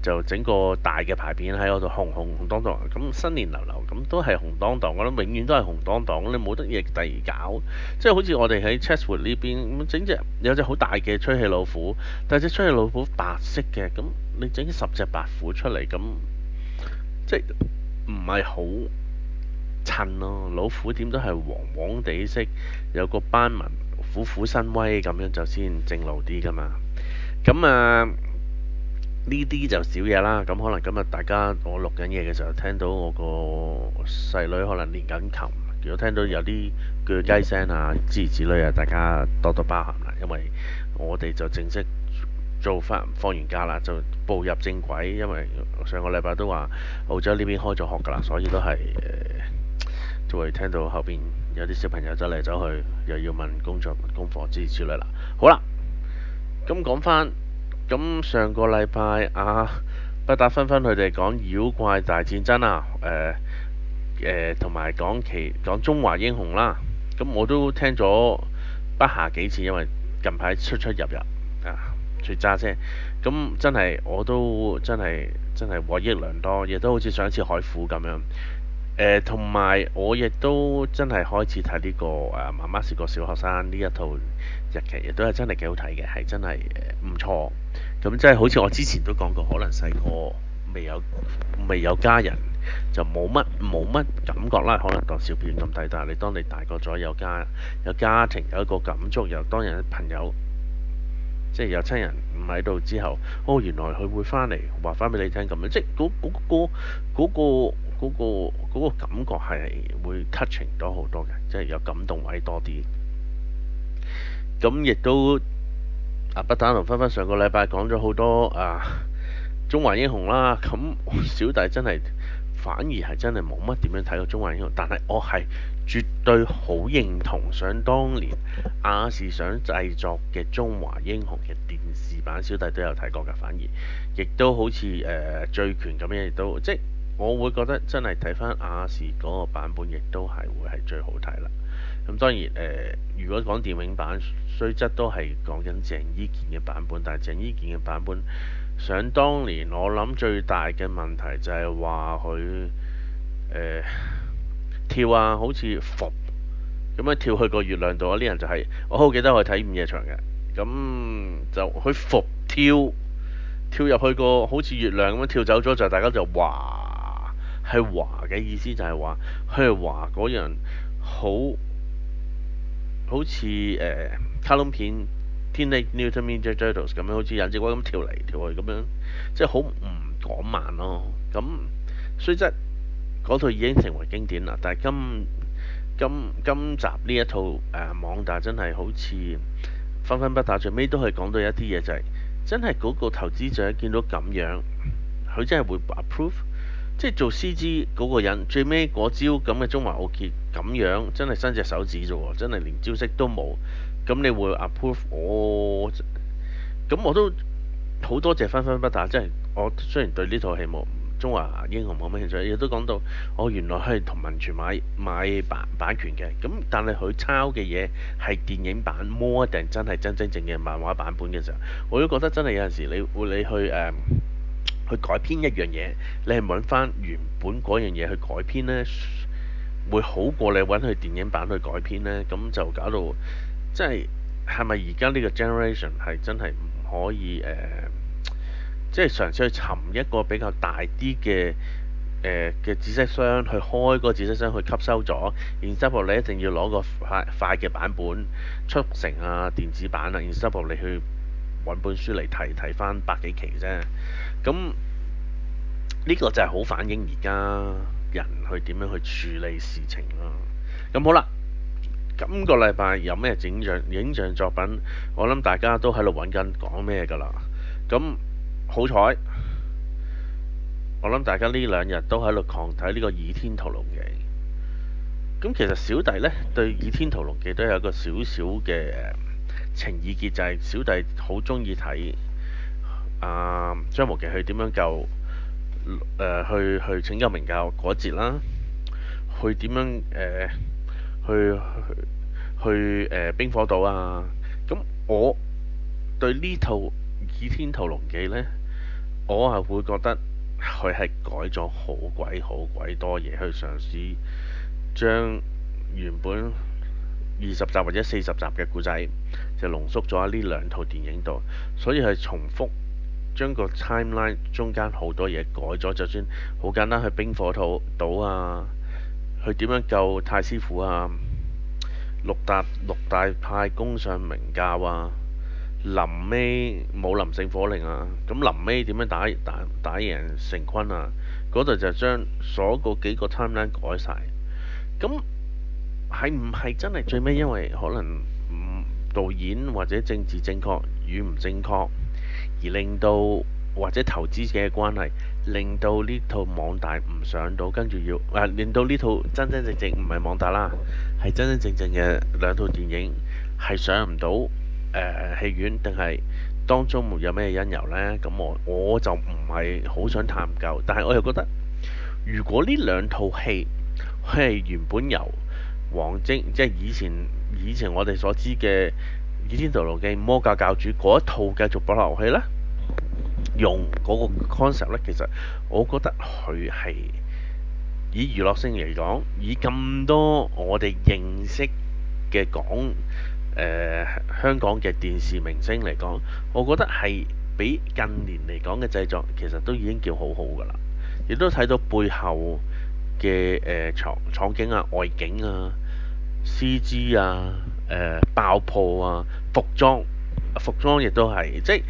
就整個大嘅牌匾喺我度，紅紅紅當當，咁新年流流咁都係紅當當，我諗永遠都係紅當當，你冇得嘢第二搞。即係好似我哋喺 Chatswood 呢邊，咁整隻有隻好大嘅吹氣老虎，但係隻吹氣老虎白色嘅，咁你整十隻白虎出嚟，咁即係唔係好襯咯？老虎點都係黃黃地色，有個斑紋，虎虎生威咁樣就先正路啲㗎嘛。咁啊～呢啲就少嘢啦，咁可能今日大家我錄緊嘢嘅時候聽到我個細女可能練緊琴，如果聽到有啲鋸雞聲啊、之類之類啊，大家多多包涵啦。因為我哋就正式做翻放完假啦，就步入正軌。因為上個禮拜都話澳洲呢邊開咗學㗎啦，所以都係、呃、就都會聽到後邊有啲小朋友走嚟走去，又要問工作、問功課之類之類啦。好啦，咁講返。咁上個禮拜啊，不打分分佢哋講妖怪大戰爭啊，誒誒同埋講其講中華英雄啦、啊。咁我都聽咗不下幾次，因為近排出出入入啊，最揸車。咁真係我都真係真係獲益良多，亦都好似上一次海虎咁樣。誒同埋我亦都真係開始睇呢、個誒、啊、媽媽是個小學生呢一套日劇，亦都係真係幾好睇嘅，係真係唔錯。咁即係好似我之前都講過，可能細個未有未有家人，就冇乜冇乜感覺啦。可能當小表弟咁大，但係你當你大個咗有家有家庭有一個感觸，又當有朋友即係有親人唔喺度之後，哦，原來佢會返嚟話返俾你聽咁樣，即係嗰嗰個嗰感覺係會 touching 好多嘅，即係有感動位多啲。咁亦都。阿不打同分分上個禮拜講咗好多啊《中華英雄》啦，咁小弟真係反而係真係冇乜點樣睇過《中華英雄》，但係我係絕對好認同。想當年亞視想製作嘅《中華英雄》嘅電視版，小弟都有睇過㗎，反而亦都好似誒、呃《醉拳》咁樣，亦都即係我會覺得真係睇翻亞視嗰個版本，亦都係會係最好睇啦。咁當然誒、呃，如果講電影版，雖則都係講緊鄭伊健嘅版本，但係鄭伊健嘅版本，想當年我諗最大嘅問題就係話佢誒跳啊，好似伏咁樣跳去個月亮度，呢人就係、是、我好記得我睇《午夜場》嘅，咁就佢伏跳跳入去個好似月亮咁樣跳走咗，就大家就嘩係嘩嘅意思就係話佢係嘩嗰樣好。好似誒、呃、卡通片《Teenage Mutant Ninja Turtles》咁樣，好似忍者龜咁跳嚟跳去咁樣，即係好唔講慢咯。咁雖則嗰套已經成為經典啦，但係今今今集呢一套誒、呃、網大真係好似分分不打，最尾都係講到一啲嘢，就是，就係真係嗰個投資者見到咁樣，佢真係會 approve。即係做 CG 嗰個人，最尾嗰招咁嘅《中華奧傑》咁樣，真係伸隻手指啫喎，真係連招式都冇。咁你會 approve 我？咁我都好多謝分分不打。即係我雖然對呢套戲冇《中華英雄》冇乜興趣，亦都講到我、哦、原來係同文全買買版版權嘅。咁但係佢抄嘅嘢係電影版，摸定真係真真正正嘅漫畫版本嘅時候，我都覺得真係有陣時你會你去誒。Um, 去改編一樣嘢，你係揾翻原本嗰樣嘢去改編呢？會好過你揾佢電影版去改編呢。咁就搞到即係係咪而家呢個 generation 係真係唔可以誒、呃？即係嘗試去尋一個比較大啲嘅誒嘅知識箱去開個知識箱去吸收咗，然之後你一定要攞個快快嘅版本速成啊電子版啊，然之後你去揾本書嚟睇睇翻百幾期啫。咁呢個就係好反映而家人去點樣去處理事情啦，啊。咁好啦，今個禮拜有咩影像影像作品？我諗大家都喺度揾緊講咩㗎啦。咁好彩，我諗大家呢兩日都喺度狂睇呢個《倚天屠龍記》。咁其實小弟呢，對《倚天屠龍記》都有一個少少嘅情意結，就係小弟好中意睇。啊！張無忌去點樣救，誒、呃？去去拯救明教嗰節啦，去點樣誒？去去去、呃、冰火島啊！咁我對呢套《倚天屠龍記》呢，我係會覺得佢係改咗好鬼好鬼多嘢，去嘗試將原本二十集或者四十集嘅故仔就濃縮咗喺呢兩套電影度，所以係重複。將個 timeline 中間好多嘢改咗，就算好簡單，去冰火島啊，去點樣救太師傅啊，六大六大派攻上明教啊，臨尾冇林聖火令啊，咁臨尾點樣打打打贏成昆啊？嗰度就將所個幾個 timeline 改晒。咁係唔係真係最尾？因為可能導演或者政治正確與唔正確？而令到或者投資者嘅關係，令到呢套網大唔上到，跟住要誒、啊，令到呢套真真正正唔係網大啦，係真真正正嘅兩套電影係上唔到誒、呃、戲院，定係當中沒有咩因由呢？咁我我就唔係好想探究，但係我又覺得，如果呢兩套戲係原本由王晶，即係以前以前我哋所知嘅。《倚天屠龍記》魔教教主嗰一套繼續保留落去咧，用嗰個 concept 咧，其實我覺得佢係以娛樂性嚟講，以咁多我哋認識嘅港誒、呃、香港嘅電視明星嚟講，我覺得係比近年嚟講嘅製作其實都已經叫好好㗎喇，亦都睇到背後嘅誒場場景啊、外景啊、CG 啊。呃、爆破啊、服裝，服裝亦都係，即係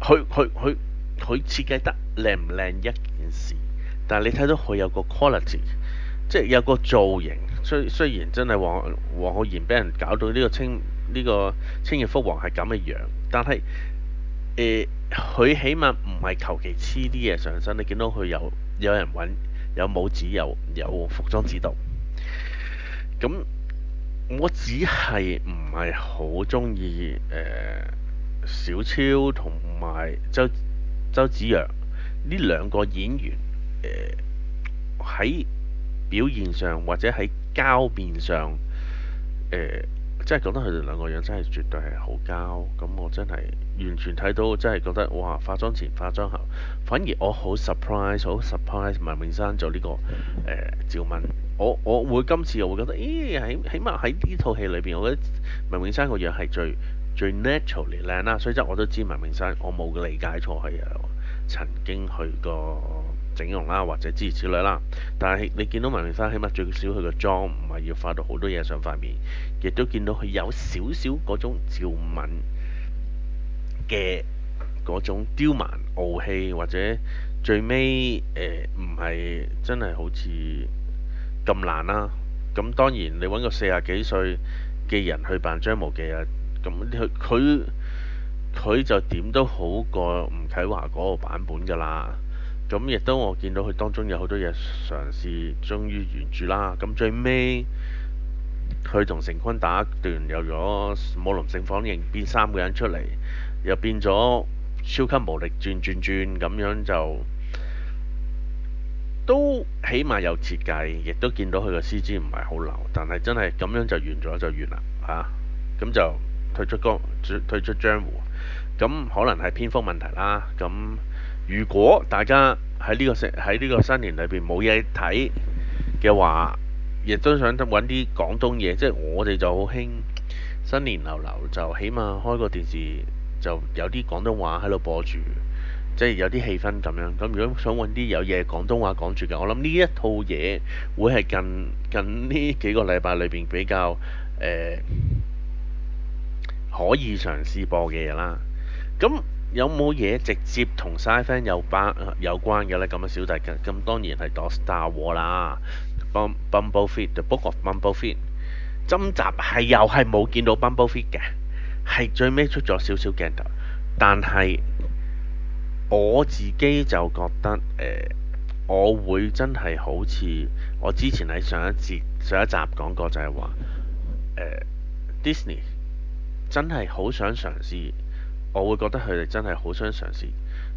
佢佢佢佢設計得靚唔靚一件事，但係你睇到佢有個 quality，即係有個造型。雖雖然真係黃浩然俾人搞到呢個清呢、呢個《清日福王》係咁嘅樣，但係誒佢起碼唔係求其黐啲嘢上身。你見到佢有有人揾有帽子，有有服裝指導，咁。我只係唔係好鍾意誒小超同埋周周子陽呢兩個演員誒喺、呃、表現上或者喺交面上誒、呃，即係覺得佢哋兩個樣真係絕對係好交，咁我真係完全睇到，真係覺得哇！化妝前化妝後，反而我好 surprise，好 surprise 文詠珊做呢、這個誒、呃、趙敏。我我會今次我會覺得，咦、欸？起起碼喺呢套戲裏邊，我覺得文詠珊個樣係最最 natural 靚啦。所以即我都知文詠珊，我冇理解錯係曾經去過整容啦，或者諸如此類啦。但係你見到文詠珊，起碼最少佢個妝唔係要化到好多嘢上塊面，亦都見到佢有少少嗰種趙敏嘅嗰種刁蠻傲氣，或者最尾誒唔係真係好似。咁難啦、啊，咁當然你揾個四十幾歲嘅人去扮張無忌啦，咁佢佢就點都好過吳啟華嗰個版本㗎啦。咁亦都我見到佢當中有好多嘢嘗試忠於原著啦。咁最尾佢同成昆打一段，有咗武林性反應變三個人出嚟，又變咗超級無力轉轉轉咁樣就。都起碼有設計，亦都見到佢個 CG 唔係好流，但係真係咁樣就完咗就完啦嚇，咁、啊、就退出江，退，退出江湖，咁可能係篇幅問題啦。咁如果大家喺呢、呢個新喺呢個新年裏邊冇嘢睇嘅話，亦都想揾啲廣東嘢，即、就、係、是、我哋就好興新年流流，就起碼開個電視就有啲廣東話喺度播住。即係有啲氣氛咁樣，咁如果想揾啲有嘢廣東話講住嘅，我諗呢一套嘢會係近近呢幾個禮拜裏邊比較誒、呃、可以嘗試播嘅嘢啦。咁有冇嘢直接同 SciFi 有關有關嘅呢？咁啊，小弟嘅咁當然係《躲 Star War》啦，《Boba Fett》不過《Boba Fett 今集係又係冇見到《Boba Fett 嘅，係最尾出咗少少鏡頭，但係。我自己就覺得誒、呃，我會真係好似我之前喺上一節上一集講過就，就係話 Disney 真係好想嘗試，我會覺得佢哋真係好想嘗試，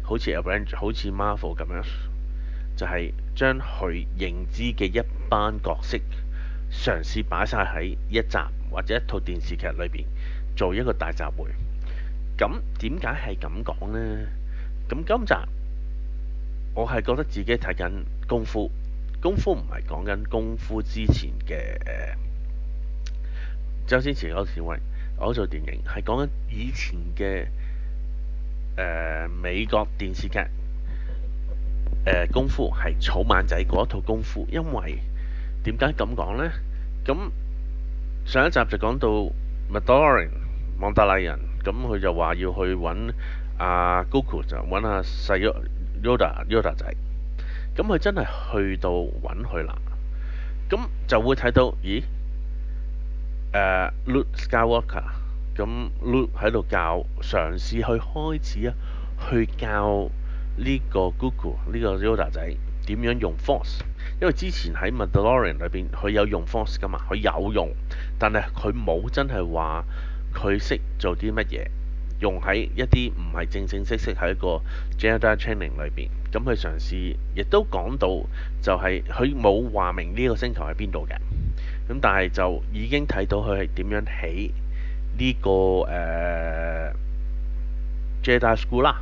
好似 Avengers 好似 Marvel 咁樣，就係、是、將佢認知嘅一班角色嘗試擺晒喺一集或者一套電視劇裏邊做一個大集會。咁點解係咁講呢？咁今集我係覺得自己睇緊功夫，功夫唔係講緊功夫之前嘅周星馳、嗰套、我做電影，係講緊以前嘅誒、呃、美國電視劇、呃、功夫，係草蜢仔嗰套功夫。因為點解咁講呢？咁上一集就講到 Madarin 蒙特拉人，咁佢就話要去揾。阿、uh, Grogu 就揾下細個 Yoda Yoda 仔，咁佢真係去到揾佢啦，咁就會睇到咦誒、uh，Luke Skywalker，咁 Luke 喺度教，嘗試去開始啊，去教呢個 Grogu 呢個 Yoda 仔點樣用 Force，因為之前喺《Mandalorian》裏邊佢有用 Force 㗎嘛，佢有用，但係佢冇真係話佢識做啲乜嘢。用喺一啲唔係正正式式喺一個 Jedi Training 裏邊，咁佢嘗試亦都講到就係佢冇話明呢個星球喺邊度嘅，咁但係就已經睇到佢係點樣起呢、這個誒、呃、Jedi School 啦，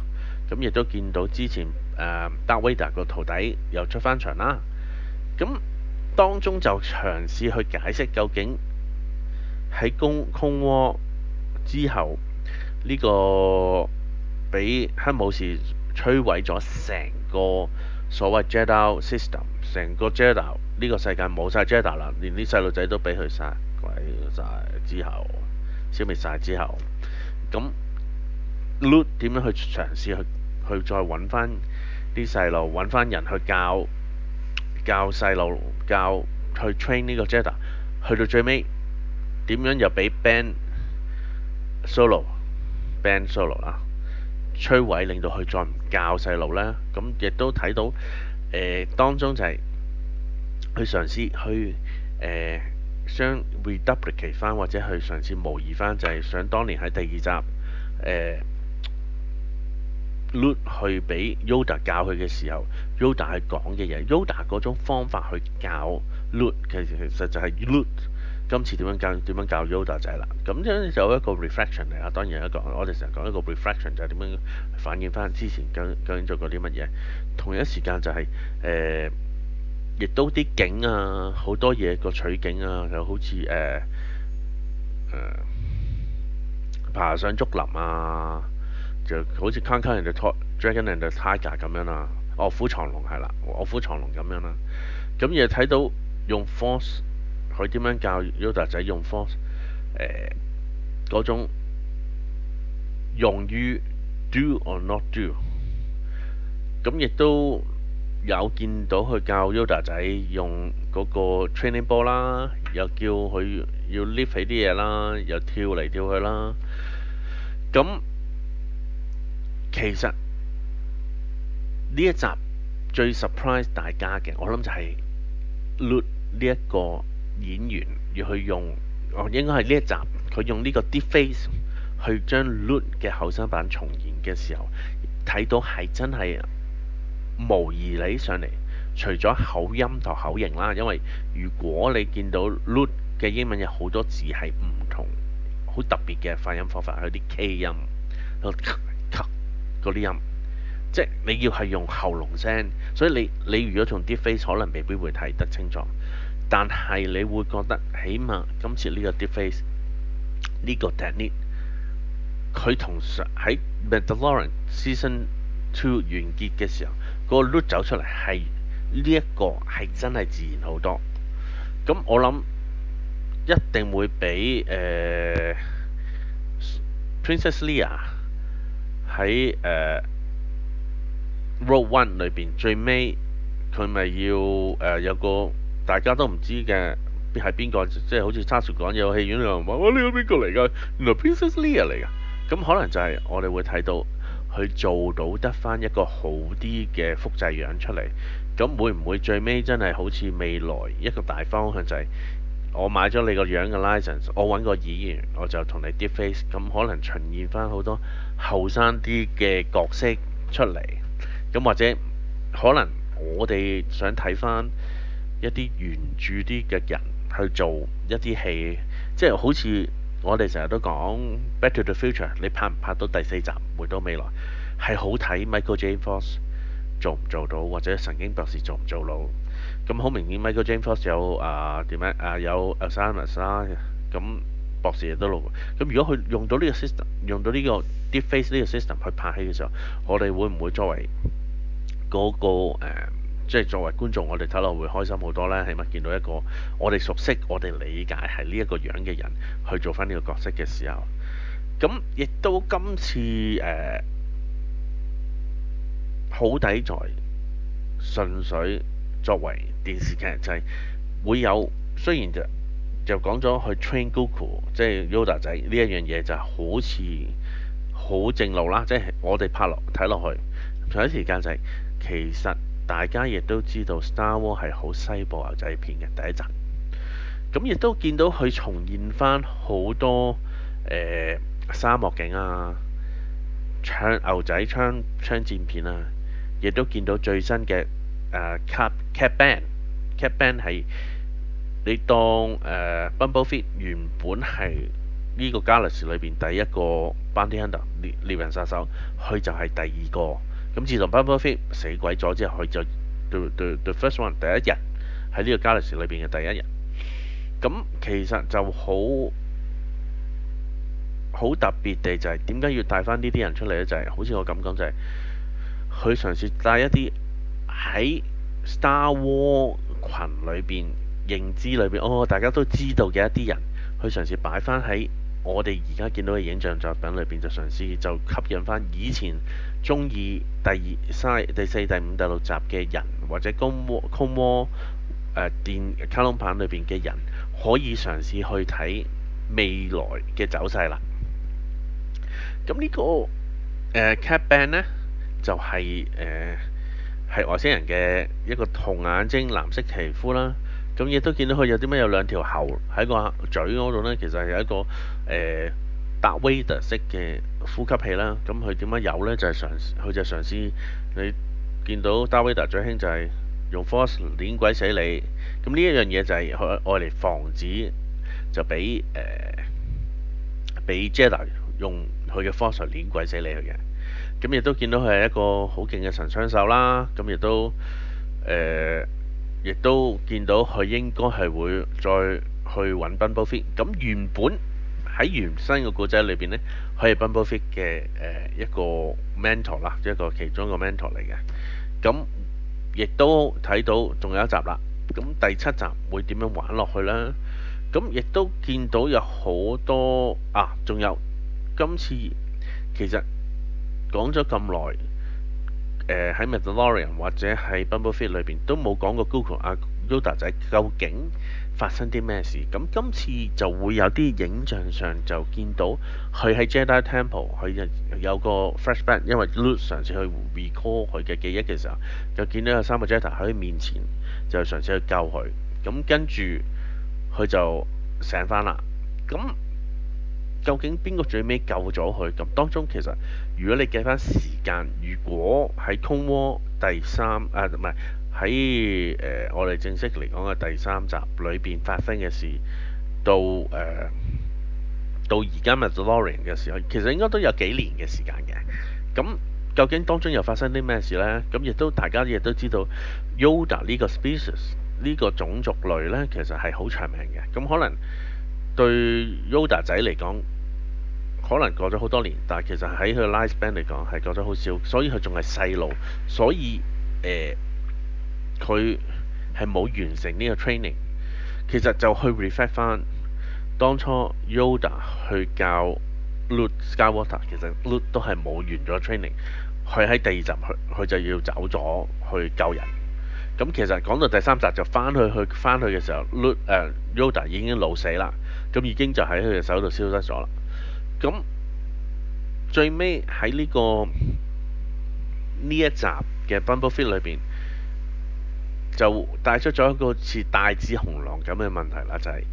咁亦都見到之前誒 Darth Vader 個徒弟又出翻場啦，咁當中就嘗試去解釋究竟喺 Clone War 之後。呢個俾黑武士摧毀咗成個所謂 Jedi System，成個 Jedi 呢個世界冇晒 Jedi 啦，連啲細路仔都俾佢殺鬼晒之後，消滅晒之後，咁 Luke 點樣去嘗試去去再揾翻啲細路，揾翻人去教教細路教去 train 呢個 Jedi，去到最尾點樣又俾 Ben Solo Ben Solo 啦，摧毀令到佢再唔教細路啦。咁亦都睇到誒、呃、當中就係、是、佢嘗試去誒將、呃、replicate d 翻或者佢嘗試模擬翻，就係、是、想當年喺第二集誒、呃、Luke 去俾 Yoda 教佢嘅時候，Yoda 係講嘅嘢，Yoda 嗰種方法去教 Luke 其實，就係 Luke。今次點樣教點樣教 Yoda 仔啦？咁樣就一個 reflection 嚟啊。當然一個，我哋成日講一個 reflection 就係點樣反映翻之前究竟做過啲乜嘢。同一時間就係、是、誒、呃，亦都啲景啊，好多嘢個取景啊，就好似誒、呃、爬上竹林啊，就好似《Conquer the Dragon and the Tiger、啊》咁樣啦，樣啊《卧虎藏龍》係啦，《卧虎藏龍》咁樣啦。咁又睇到用 force。佢點樣教 Yoda 仔用 force？誒、呃、嗰種用於 do or not do、嗯。咁亦都有見到佢教 Yoda 仔用嗰個 training ball 啦，又叫佢要 lift 起啲嘢啦，又跳嚟跳去啦。咁、嗯、其實呢一集最 surprise 大家嘅，我諗就係 Luke 呢一個。演員要去用，我、哦、應該係呢一集，佢用呢個 deepface 去將 Luke 嘅後生版重現嘅時候，睇到係真係模擬你上嚟。除咗口音就口型啦，因為如果你見到 Luke 嘅英文有好多字係唔同，好特別嘅發音方法，有啲 K 音，嗰啲音，即你要係用喉嚨聲，所以你你如果用 deepface，可能未必會睇得清楚。但係你會覺得，起碼今次呢個 deepfake 呢個 technique，佢同上喺《Mandalorian Season Two》完結嘅時候，個 look 走出嚟係呢一個係真係自然好多。咁我諗一定會畀誒 Princess Leia 喺誒 Rogue One 裏邊最尾佢咪要誒有個。大家都唔知嘅係邊個，即係好似揸住講嘢，戲院又問我：呢個邊個嚟㗎？原來 Princess Leia 嚟㗎。咁可能就係我哋會睇到佢做到得翻一個好啲嘅複製樣出嚟。咁會唔會最尾真係好似未來一個大方向就係我買咗你個樣嘅 license，我揾個演員，我就同你 deface。咁可能呈現翻好多後生啲嘅角色出嚟。咁或者可能我哋想睇翻。一啲原著啲嘅人去做一啲戲，即係好似我哋成日都講《Back to the Future》，你拍唔拍到第四集？回到未來係好睇 Michael J. Fox 做唔做到，或者神經博士做唔做到。咁好明顯 Michael J. Fox 有啊點、呃、樣啊、呃、有 Alzheimer 啦，咁博士亦都老。咁如果佢用到呢個 system，用到呢個 deep face 呢個 system 去拍戲嘅時候，我哋會唔會作為嗰、那個、呃即係作為觀眾，我哋睇落會開心好多啦。起碼見到一個我哋熟悉、我哋理解係呢一個樣嘅人去做翻呢個角色嘅時候，咁亦都今次誒好、呃、抵在純粹作為電視劇就係、是、會有。雖然就就講咗去 train Goku，即係 Yoda 仔呢一樣嘢就好似好正路啦。即係我哋拍落睇落去，同一時間就係、是、其實。大家亦都知道《Star Wars》係好西部牛仔片嘅第一集，咁亦都見到佢重現翻好多誒、呃、沙漠景啊、槍牛仔槍、槍戰片啊，亦都見到最新嘅誒《Cad Bane》。Cad Bane 係你當誒《Boba Fett、呃》原本係呢個 Galaxy 裏邊第一個 Bounty Hunter 獵獵人殺手，佢就係第二個。咁自從《波巴費特》死鬼咗之後，佢就 the, the, the first one 第一人喺呢個 galaxy 裏邊嘅第一人。咁其實就好好特別地就係點解要帶翻呢啲人出嚟咧？就係、是、好似我咁講，就係、是、佢嘗試帶一啲喺《Star Wars》群裏邊認知裏邊哦，大家都知道嘅一啲人，佢嘗試擺翻喺我哋而家見到嘅影像作品裏邊，就嘗試就吸引翻以前。中意第二、三、第四、第五、第六集嘅人，或者 War、呃《Clone War》誒電卡通版裏邊嘅人，可以嘗試去睇未來嘅走勢啦。咁呢、呢個誒、呃、Cad Bane 呢，就係誒係外星人嘅一個紅眼睛、藍色皮膚啦。咁亦都見到佢有啲咩？有兩條喉喺個嘴嗰度呢，其實係有一個誒。呃達威特式嘅呼吸器啦，咁佢點樣有呢？就係、是、嘗，佢就嘗試你見到達維特最興就係用 force 捻鬼死你，咁呢一樣嘢就係去愛嚟防止就俾誒俾 Jedi 用佢嘅 force 捻鬼死你嘅，咁亦都見到佢係一個好勁嘅神槍手啦，咁亦都誒亦、呃、都見到佢應該係會再去揾 Boba Fett 咁原本。喺原生嘅故仔裏邊呢，佢係《Boba Fett》嘅誒一個 mentor 啦，一個其中一個 mentor 嚟嘅。咁亦都睇到仲有一集啦，咁第七集會點樣玩落去啦？咁亦都見到有好多啊，仲有今次其實講咗咁耐，誒喺 Mandalorian 或者喺《Boba Fett》裏邊都冇講過 Grogu 阿 Yoda 仔究竟發生啲咩事？咁今次就會有啲影像上就見到佢喺 Jedi Temple，佢有個 flashback，因為 Luke 嘗試去 recall 佢嘅記憶嘅時候，就見到有三個 Jedi 喺佢面前，就嘗試去救佢。咁跟住佢就醒翻啦。咁究竟邊個最尾救咗佢？咁當中其實，如果你計翻時間，如果喺《Clone Wars》第三，啊唔係。喺誒、呃，我哋正式嚟講嘅第三集裏邊發生嘅事，到誒、呃、到而家嘅 Mandalorian 嘅時候，其實應該都有幾年嘅時間嘅。咁、嗯、究竟當中又發生啲咩事呢？咁、嗯、亦都大家亦都知道，Yoda 呢個 species 呢個種族類呢，其實係好長命嘅。咁、嗯、可能對 Yoda 仔嚟講，可能過咗好多年，但係其實喺佢 life span 嚟講係過咗好少，所以佢仲係細路。所以誒、呃佢係冇完成呢個 training，其實就去 reflect 翻當初 Yoda 去教 Luke Skywalker，其實 Luke 都係冇完咗 training。佢喺第二集去，佢就要走咗去救人。咁其實講到第三集就翻去去翻去嘅時候，Luke 誒、uh, Yoda 已經老死啦，咁已經就喺佢嘅手度消失咗啦。咁最尾喺呢個呢一集嘅《Boba Fett》裏邊。就帶出咗一個似帶子雄狼咁嘅問題啦，就係、是、誒、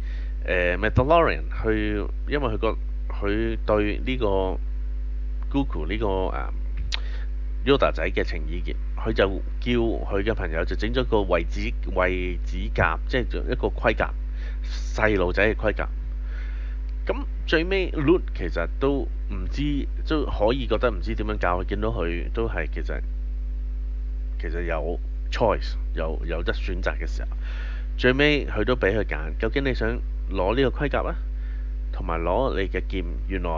呃、Mandalorian 佢因為佢個佢對呢個 Grogu 呢個誒 Yoda 仔嘅情意結，佢就叫佢嘅朋友就整咗個位置圍指甲，即係一個盔甲，細路仔嘅盔甲。咁最尾 Loot 其實都唔知，都可以覺得唔知點樣教佢，見到佢都係其實其實有。Choice 有有得選擇嘅時候，最尾佢都俾佢揀。究竟你想攞呢個盔甲啊，同埋攞你嘅劍？原來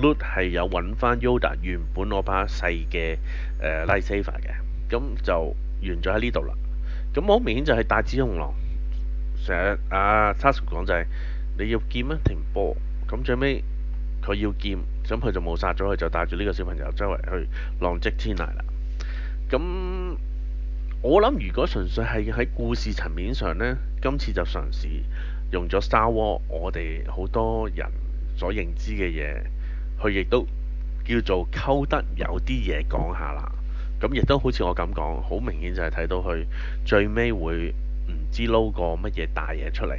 Luke 係有揾翻 Yoda 原本攞把細嘅誒 Light Saber 嘅，咁、呃、就完咗喺呢度啦。咁好明顯就係大紫紅狼成日阿 Tasuku 講就係你要劍啊，停波。咁最尾佢要劍，咁佢就冇殺咗佢，就帶住呢個小朋友周圍去浪跡天涯啦。咁。我諗如果純粹係喺故事層面上呢，今次就嘗試用咗 Star War，我哋好多人所認知嘅嘢，佢亦都叫做溝得有啲嘢講下啦。咁亦都好似我咁講，好明顯就係睇到佢最尾會唔知撈個乜嘢大嘢出嚟。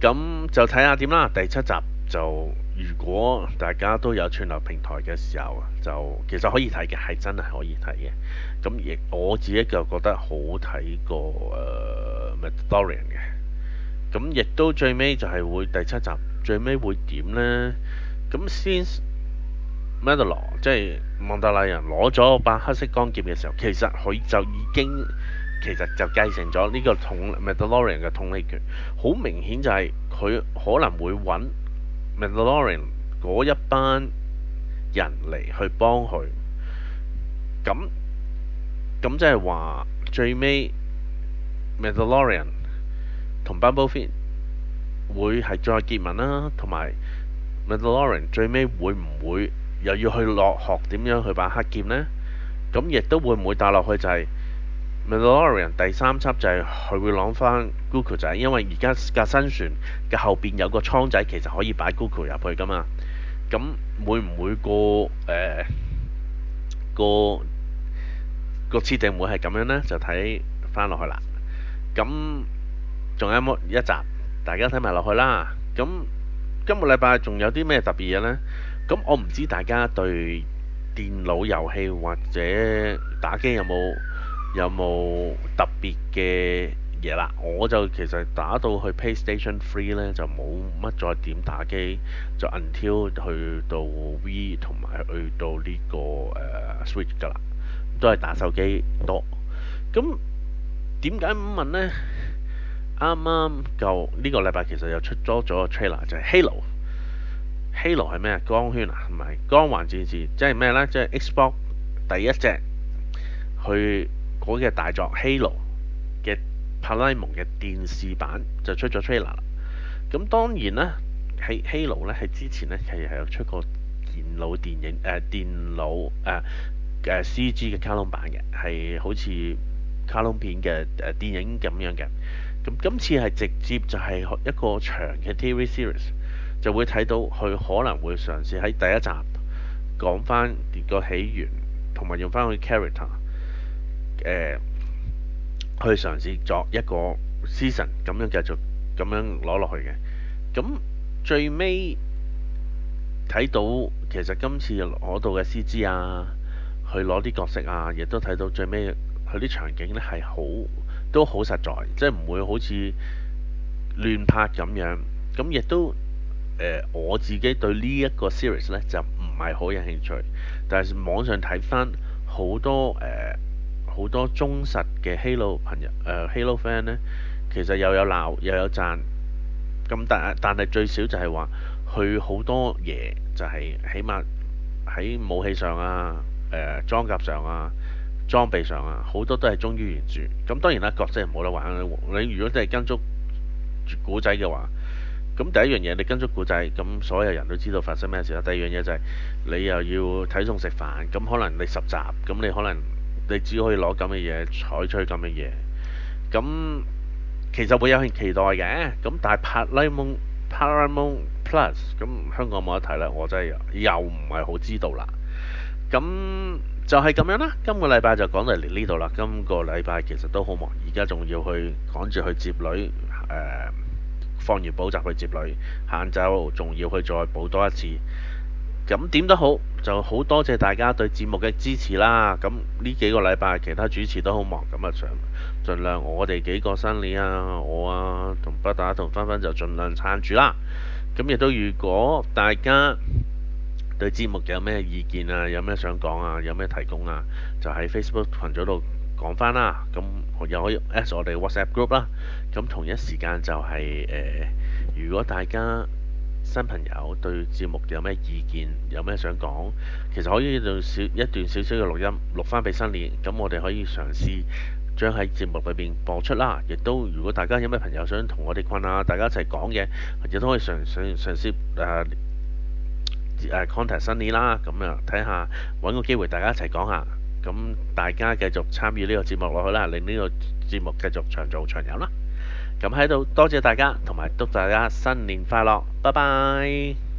咁就睇下點啦，第七集就。如果大家都有串流平台嘅時候，就其實可以睇嘅，係真係可以睇嘅。咁亦我，我自己就覺得好睇過誒 Mandalorian 嘅。咁、呃、亦都最尾就係會第七集，最尾會點呢？咁 since Mandalore 即係蒙特拉人攞咗把黑色光劍嘅時候，其實佢就已經其實就繼承咗呢個統 Mandalorian 嘅統理權。好明顯就係佢可能會揾。《曼達洛人》嗰一班人嚟去幫佢，咁咁即係話最尾《曼達洛人》同 Boba Fett 會係再結盟啦，同埋《曼達洛人》最尾會唔會又要去落學點樣去把黑劍呢？咁亦都會唔會帶落去就係、是？Mandalorian 第三集就係佢會攞翻 Google 仔，因為而家架新船嘅後邊有個倉仔，其實可以擺 Google 入去噶嘛。咁會唔會個誒個個設定會係咁樣呢？就睇翻落去啦。咁仲有冇一集？大家睇埋落去啦。咁今個禮拜仲有啲咩特別嘢呢？咁我唔知大家對電腦遊戲或者打機有冇？有冇特別嘅嘢啦？我就其實打到去 PlayStation Three 呢，就冇乜再點打機，就 until 去到 V 同埋去到呢、呢個誒、呃、Switch 㗎啦，都係打手機多。咁點解咁問呢？啱啱夠呢個禮拜其實又出咗咗個 trailer 就係《Halo》。《Halo》係咩？光圈啊，唔係光環戰士，即係咩呢？即係 Xbox 第一隻去。嗰嘅大作《Halo》嘅派拉蒙嘅電視版就出咗 trailer 啦。咁當然呢，《Halo》呢係之前呢，其實係有出過電腦電影誒、呃、電腦誒誒、呃、CG 嘅卡通版嘅，係好似卡通片嘅誒、呃、電影咁樣嘅。咁今次係直接就係一個長嘅 TV series，就會睇到佢可能會嘗試喺第一集講翻個起源，同埋用翻佢 character。誒、呃、去嘗試作一個 season 咁樣，繼續咁樣攞落去嘅。咁最尾睇到其實今次攞到嘅 C.G. 啊，去攞啲角色啊，亦都睇到最尾佢啲場景呢係好都好實在，即係唔會好似亂拍咁樣。咁亦都誒、呃、我自己對呢一個 series 呢就唔係好有興趣，但係網上睇翻好多誒。呃好多忠實嘅 Halo 朋友誒、呃、Halo friend 呢，其實又有鬧又有讚咁，但係但係最少就係話佢好多嘢就係、是、起碼喺武器上啊、誒、呃、裝甲上啊、裝備上啊，好多都係忠於原著。咁當然啦，國際人冇得玩啦。你如果真係跟足古仔嘅話，咁第一樣嘢你跟足古仔，咁所有人都知道發生咩事啦。第二樣嘢就係、是、你又要睇餸食飯，咁可能你十集咁，你可能。你只可以攞咁嘅嘢，採取咁嘅嘢，咁其實會有啲期待嘅，咁但係派拉蒙、派拉蒙 Plus，咁香港冇得睇啦，我真係又唔係好知道啦，咁就係、是、咁樣啦。今個禮拜就講到嚟呢度啦。今個禮拜其實都好忙，而家仲要去趕住去接女，誒、呃、放完補習去接女，晏晝仲要去再補多一次。咁點都好，就好多謝大家對節目嘅支持啦。咁呢幾個禮拜，其他主持都好忙，咁啊盡量我哋幾個辛尼啊，我啊同不打同分分就盡量撐住啦。咁亦都如果大家對節目有咩意見啊，有咩想講啊，有咩提供啊，就喺 Facebook 群組度講返啦。咁又可以 at 我哋 WhatsApp group 啦。咁同一時間就係、是、誒、呃，如果大家新朋友對節目有咩意見，有咩想講，其實可以用少一段少少嘅錄音，錄翻俾 Sunny，咁我哋可以嘗試將喺節目裏邊播出啦。亦都如果大家有咩朋友想同我哋困啊，大家一齊講嘅，亦都可以嘗嘗嘗試誒誒 contact Sunny 啦。咁啊，睇下揾個機會大家一齊講下。咁大家繼續參與呢個節目落去啦，令呢個節目繼續長做長有啦。咁喺度，多謝大家，同埋祝大家新年快樂，拜拜。